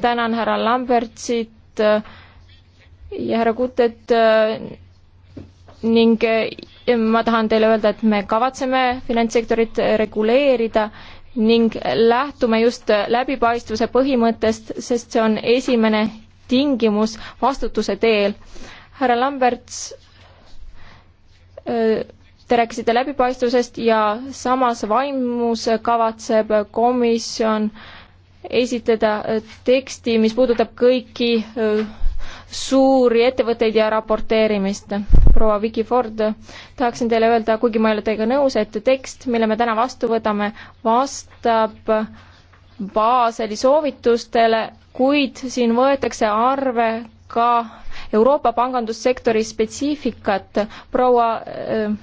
tänan härra Lambertsit äh, ja härra Kutet ning ma tahan teile öelda, et me kavatseme finantssektorit reguleerida ning lähtume just läbipaistvuse põhimõttest, sest see on esimene tingimus vastutuse teel. härra Lamberts öö, Te rääkisite läbipaistvusest ja samas vaimus kavatseb komisjon esitleda teksti, mis puudutab kõiki äh, suuri ettevõtteid ja raporteerimist. proua Vicky Ford, tahaksin teile öelda, kuigi ma ei ole teiega nõus, et tekst, mille me täna vastu võtame, vastab Baseli soovitustele, kuid siin võetakse arve ka Euroopa pangandussektori spetsiifikat. proua äh,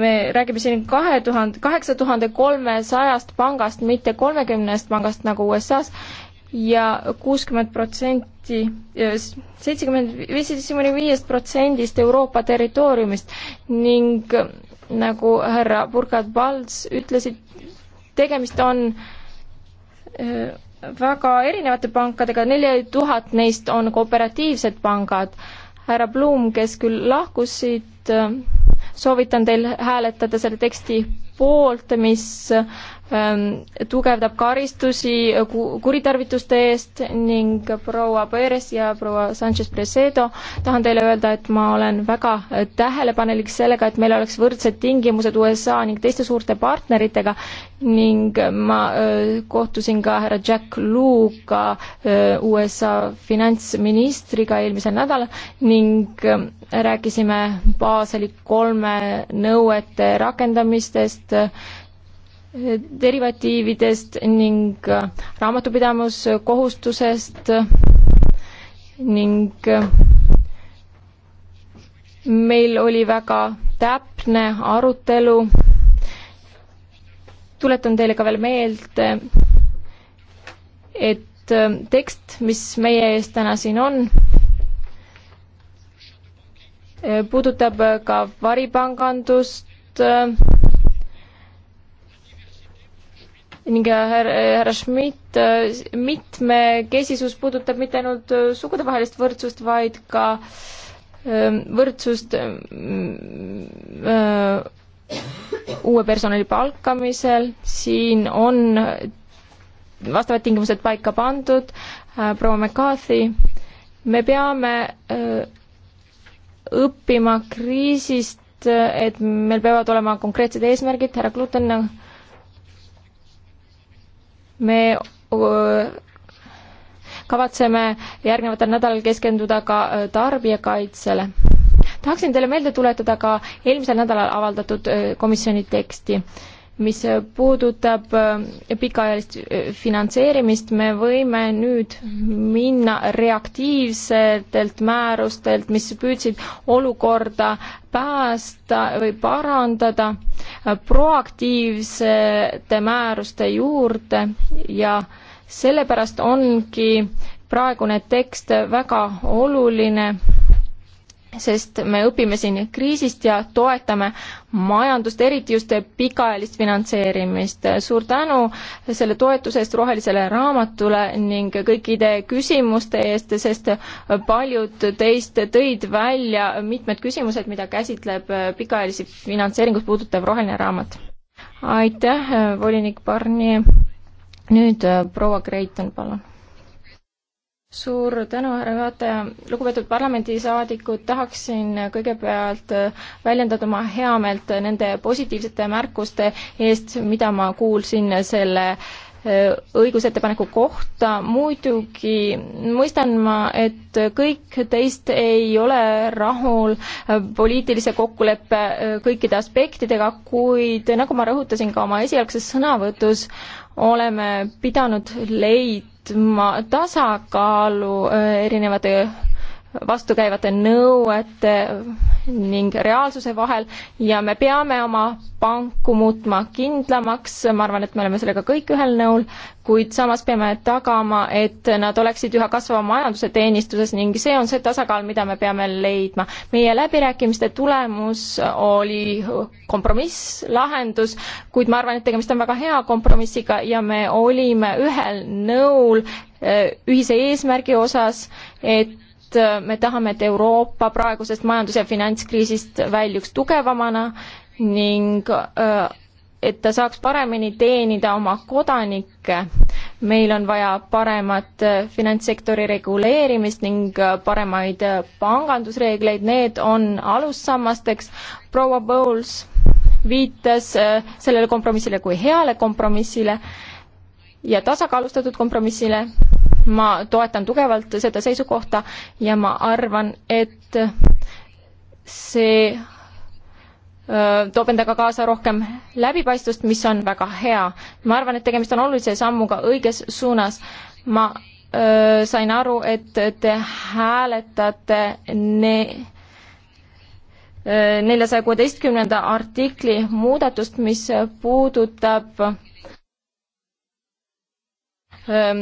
me räägime siin kahe tuhande, kaheksa tuhande kolmesajast pangast, mitte kolmekümnest pangast nagu USA-s ja kuuskümmend protsenti, seitsekümmend, seitsekümmend viiest protsendist Euroopa territooriumist ning nagu härra Burkhard Balz ütlesid, tegemist on äh, väga erinevate pankadega, neli tuhat neist on kooperatiivsed pangad. härra Blum, kes küll lahkus siit äh, soovitan teil hääletada selle teksti poolt, mis Ähm, tugevdab karistusi kuritarvituste eest ning proua Perez ja proua Sanchez Presedo, tahan teile öelda, et ma olen väga äh, tähelepanelik sellega, et meil oleks võrdsed tingimused USA ning teiste suurte partneritega ning ma äh, kohtusin ka härra Jack Luuga, äh, USA finantsministriga eelmisel nädalal ning rääkisime Baseli kolme nõuete rakendamistest, derivatiividest ning äh, raamatupidamuskohustusest ning äh, meil oli väga täpne arutelu. tuletan teile ka veel meelde, et äh, tekst, mis meie ees täna siin on, puudutab ka varipangandust, ning härra Schmidt, mitmekesisus puudutab mitte ainult äh, sugudevahelist võrdsust, vaid ka ähm, võrdsust mm, äh, uue personali palkamisel, siin on vastavad tingimused paika pandud, äh, proua McCarthy, me peame õppima kriisist, et meil peavad olema konkreetsed eesmärgid, härra Gluten, me kavatseme järgnevatel nädalal keskenduda ka tarbijakaitsele. tahaksin teile meelde tuletada ka eelmisel nädalal avaldatud komisjoni teksti mis puudutab äh, pikaajalist äh, finantseerimist, me võime nüüd minna reaktiivsetelt määrustelt, mis püüdsid olukorda päästa või parandada, äh, proaktiivsete määruste juurde ja sellepärast ongi praegune tekst väga oluline sest me õpime siin kriisist ja toetame majandust, eriti just pikaajalist finantseerimist. suur tänu selle toetuse eest Rohelisele raamatule ning kõikide küsimuste eest, sest paljud teist tõid välja mitmed küsimused, mida käsitleb pikaajalisi finantseeringut puudutav Roheline raamat. aitäh, volinik Barni. nüüd proua Kreiton, palun suur tänu, härra juhataja. lugupeetud parlamendisaadikud, tahaksin kõigepealt väljendada oma heameelt nende positiivsete märkuste eest, mida ma kuulsin selle äh, õigusettepaneku kohta. muidugi mõistan ma, et kõik teist ei ole rahul äh, poliitilise kokkuleppe äh, kõikide aspektidega, kuid nagu ma rõhutasin ka oma esialgses sõnavõtus, oleme pidanud leid-, leidma tasakaalu äh, erinevate vastukäivate nõuete ning reaalsuse vahel ja me peame oma panku muutma kindlamaks, ma arvan, et me oleme sellega kõik ühel nõul, kuid samas peame tagama, et nad oleksid üha kasvava majanduse teenistuses ning see on see tasakaal, mida me peame leidma. meie läbirääkimiste tulemus oli kompromisslahendus, kuid ma arvan, et tegemist on väga hea kompromissiga ja me olime ühel nõul eh, ühise eesmärgi osas, et et äh, me tahame, et Euroopa praegusest majandus- ja finantskriisist väljuks tugevamana ning äh, et ta saaks paremini teenida oma kodanikke. meil on vaja paremat äh, finantssektori reguleerimist ning paremaid pangandusreegleid, need on alussammasteks. proua Bowles viitas sellele kompromissile kui heale kompromissile ja tasakaalustatud kompromissile ma toetan tugevalt seda seisukohta ja ma arvan, et see toob endaga kaasa rohkem läbipaistvust, mis on väga hea. ma arvan, et tegemist on olulise sammuga õiges suunas. ma öö, sain aru, et te hääletate ne-, neljasaja kuueteistkümnenda artikli muudatust, mis puudutab öö,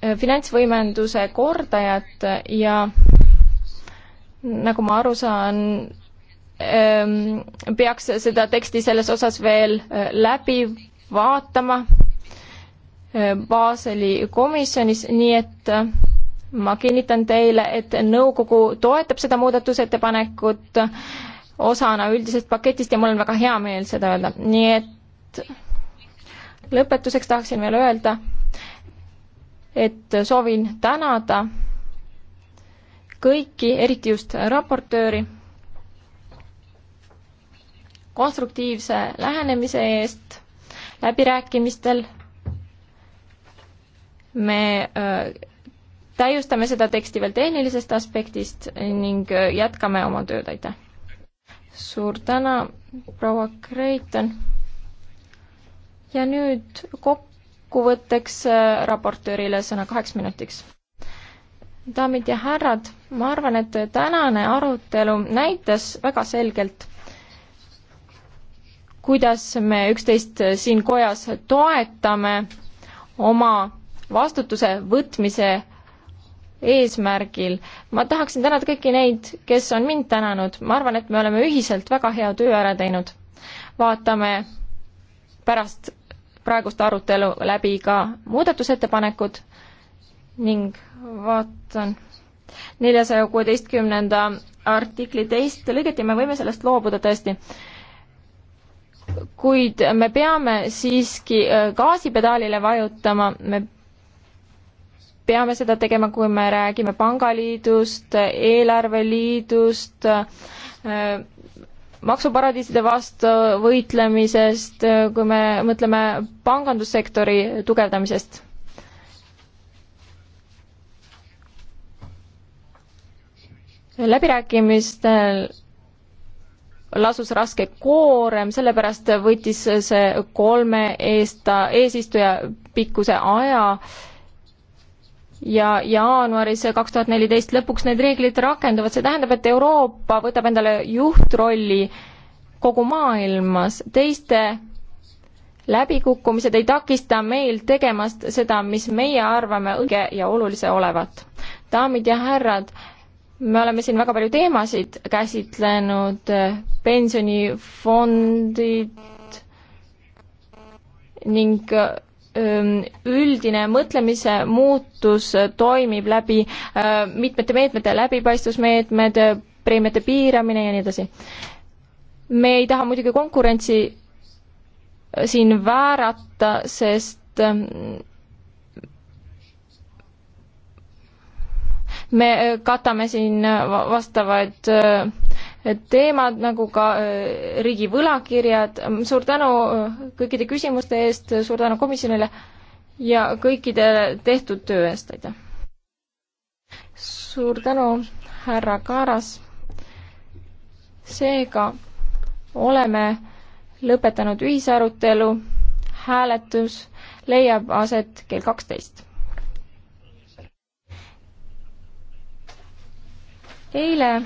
finantsvõimenduse kordajat ja nagu ma aru saan, ehm, peaks seda teksti selles osas veel eh, läbi vaatama eh, Baseli komisjonis, nii et eh, ma kinnitan teile, et nõukogu toetab seda muudatusettepanekut osana üldisest paketist ja mul on väga hea meel seda öelda, nii et lõpetuseks tahaksin veel öelda, et soovin tänada kõiki, eriti just raportööri, konstruktiivse lähenemise eest läbirääkimistel. me täiustame seda teksti veel tehnilisest aspektist ning jätkame oma tööd, aitäh! suur tänu, proua Kreiton! ja nüüd kokku kokkuvõtteks äh, raportöörile sõna kaheks minutiks. daamid ja härrad, ma arvan, et tänane arutelu näitas väga selgelt, kuidas me üksteist siin kojas toetame oma vastutuse võtmise eesmärgil. ma tahaksin tänada kõiki neid, kes on mind tänanud, ma arvan, et me oleme ühiselt väga hea töö ära teinud. vaatame pärast praegust arutelu läbi ka muudatusettepanekud ning vaatan neljasaja kuueteistkümnenda artikli teist lõigeti, me võime sellest loobuda tõesti. kuid me peame siiski äh, gaasipedaalile vajutama, me peame seda tegema, kui me räägime pangaliidust, eelarveliidust, äh, maksuparadiiside vastu võitlemisest, kui me mõtleme pangandussektori tugevdamisest. läbirääkimistel lasus raske koorem, sellepärast võttis see kolme eest, eesistuja pikkuse aja äh, ja jaanuaris kaks tuhat neliteist lõpuks need reeglid rakenduvad, see tähendab, et Euroopa võtab endale juhtrolli kogu maailmas, teiste läbikukkumised ei takista meil tegemast seda, mis meie arvame õige ja olulise olevat. daamid ja härrad, me oleme siin väga palju teemasid käsitlenud, pensionifondid ning üldine mõtlemise muutus toimib läbi mitmete meetmete, läbipaistvusmeetmed, preemiate piiramine ja nii edasi. me ei taha muidugi konkurentsi siin väärata, sest me katame siin vastavaid teemad nagu ka äh, riigi võlakirjad. suur tänu äh, kõikide küsimuste eest, suur tänu komisjonile ja kõikide tehtud töö eest, aitäh! suur tänu, härra Kaaras! seega oleme lõpetanud ühisarutelu, hääletus leiab aset kell kaksteist. eile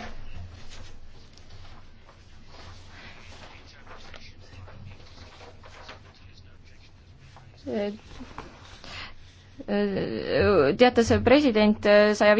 teate, see president äh, saja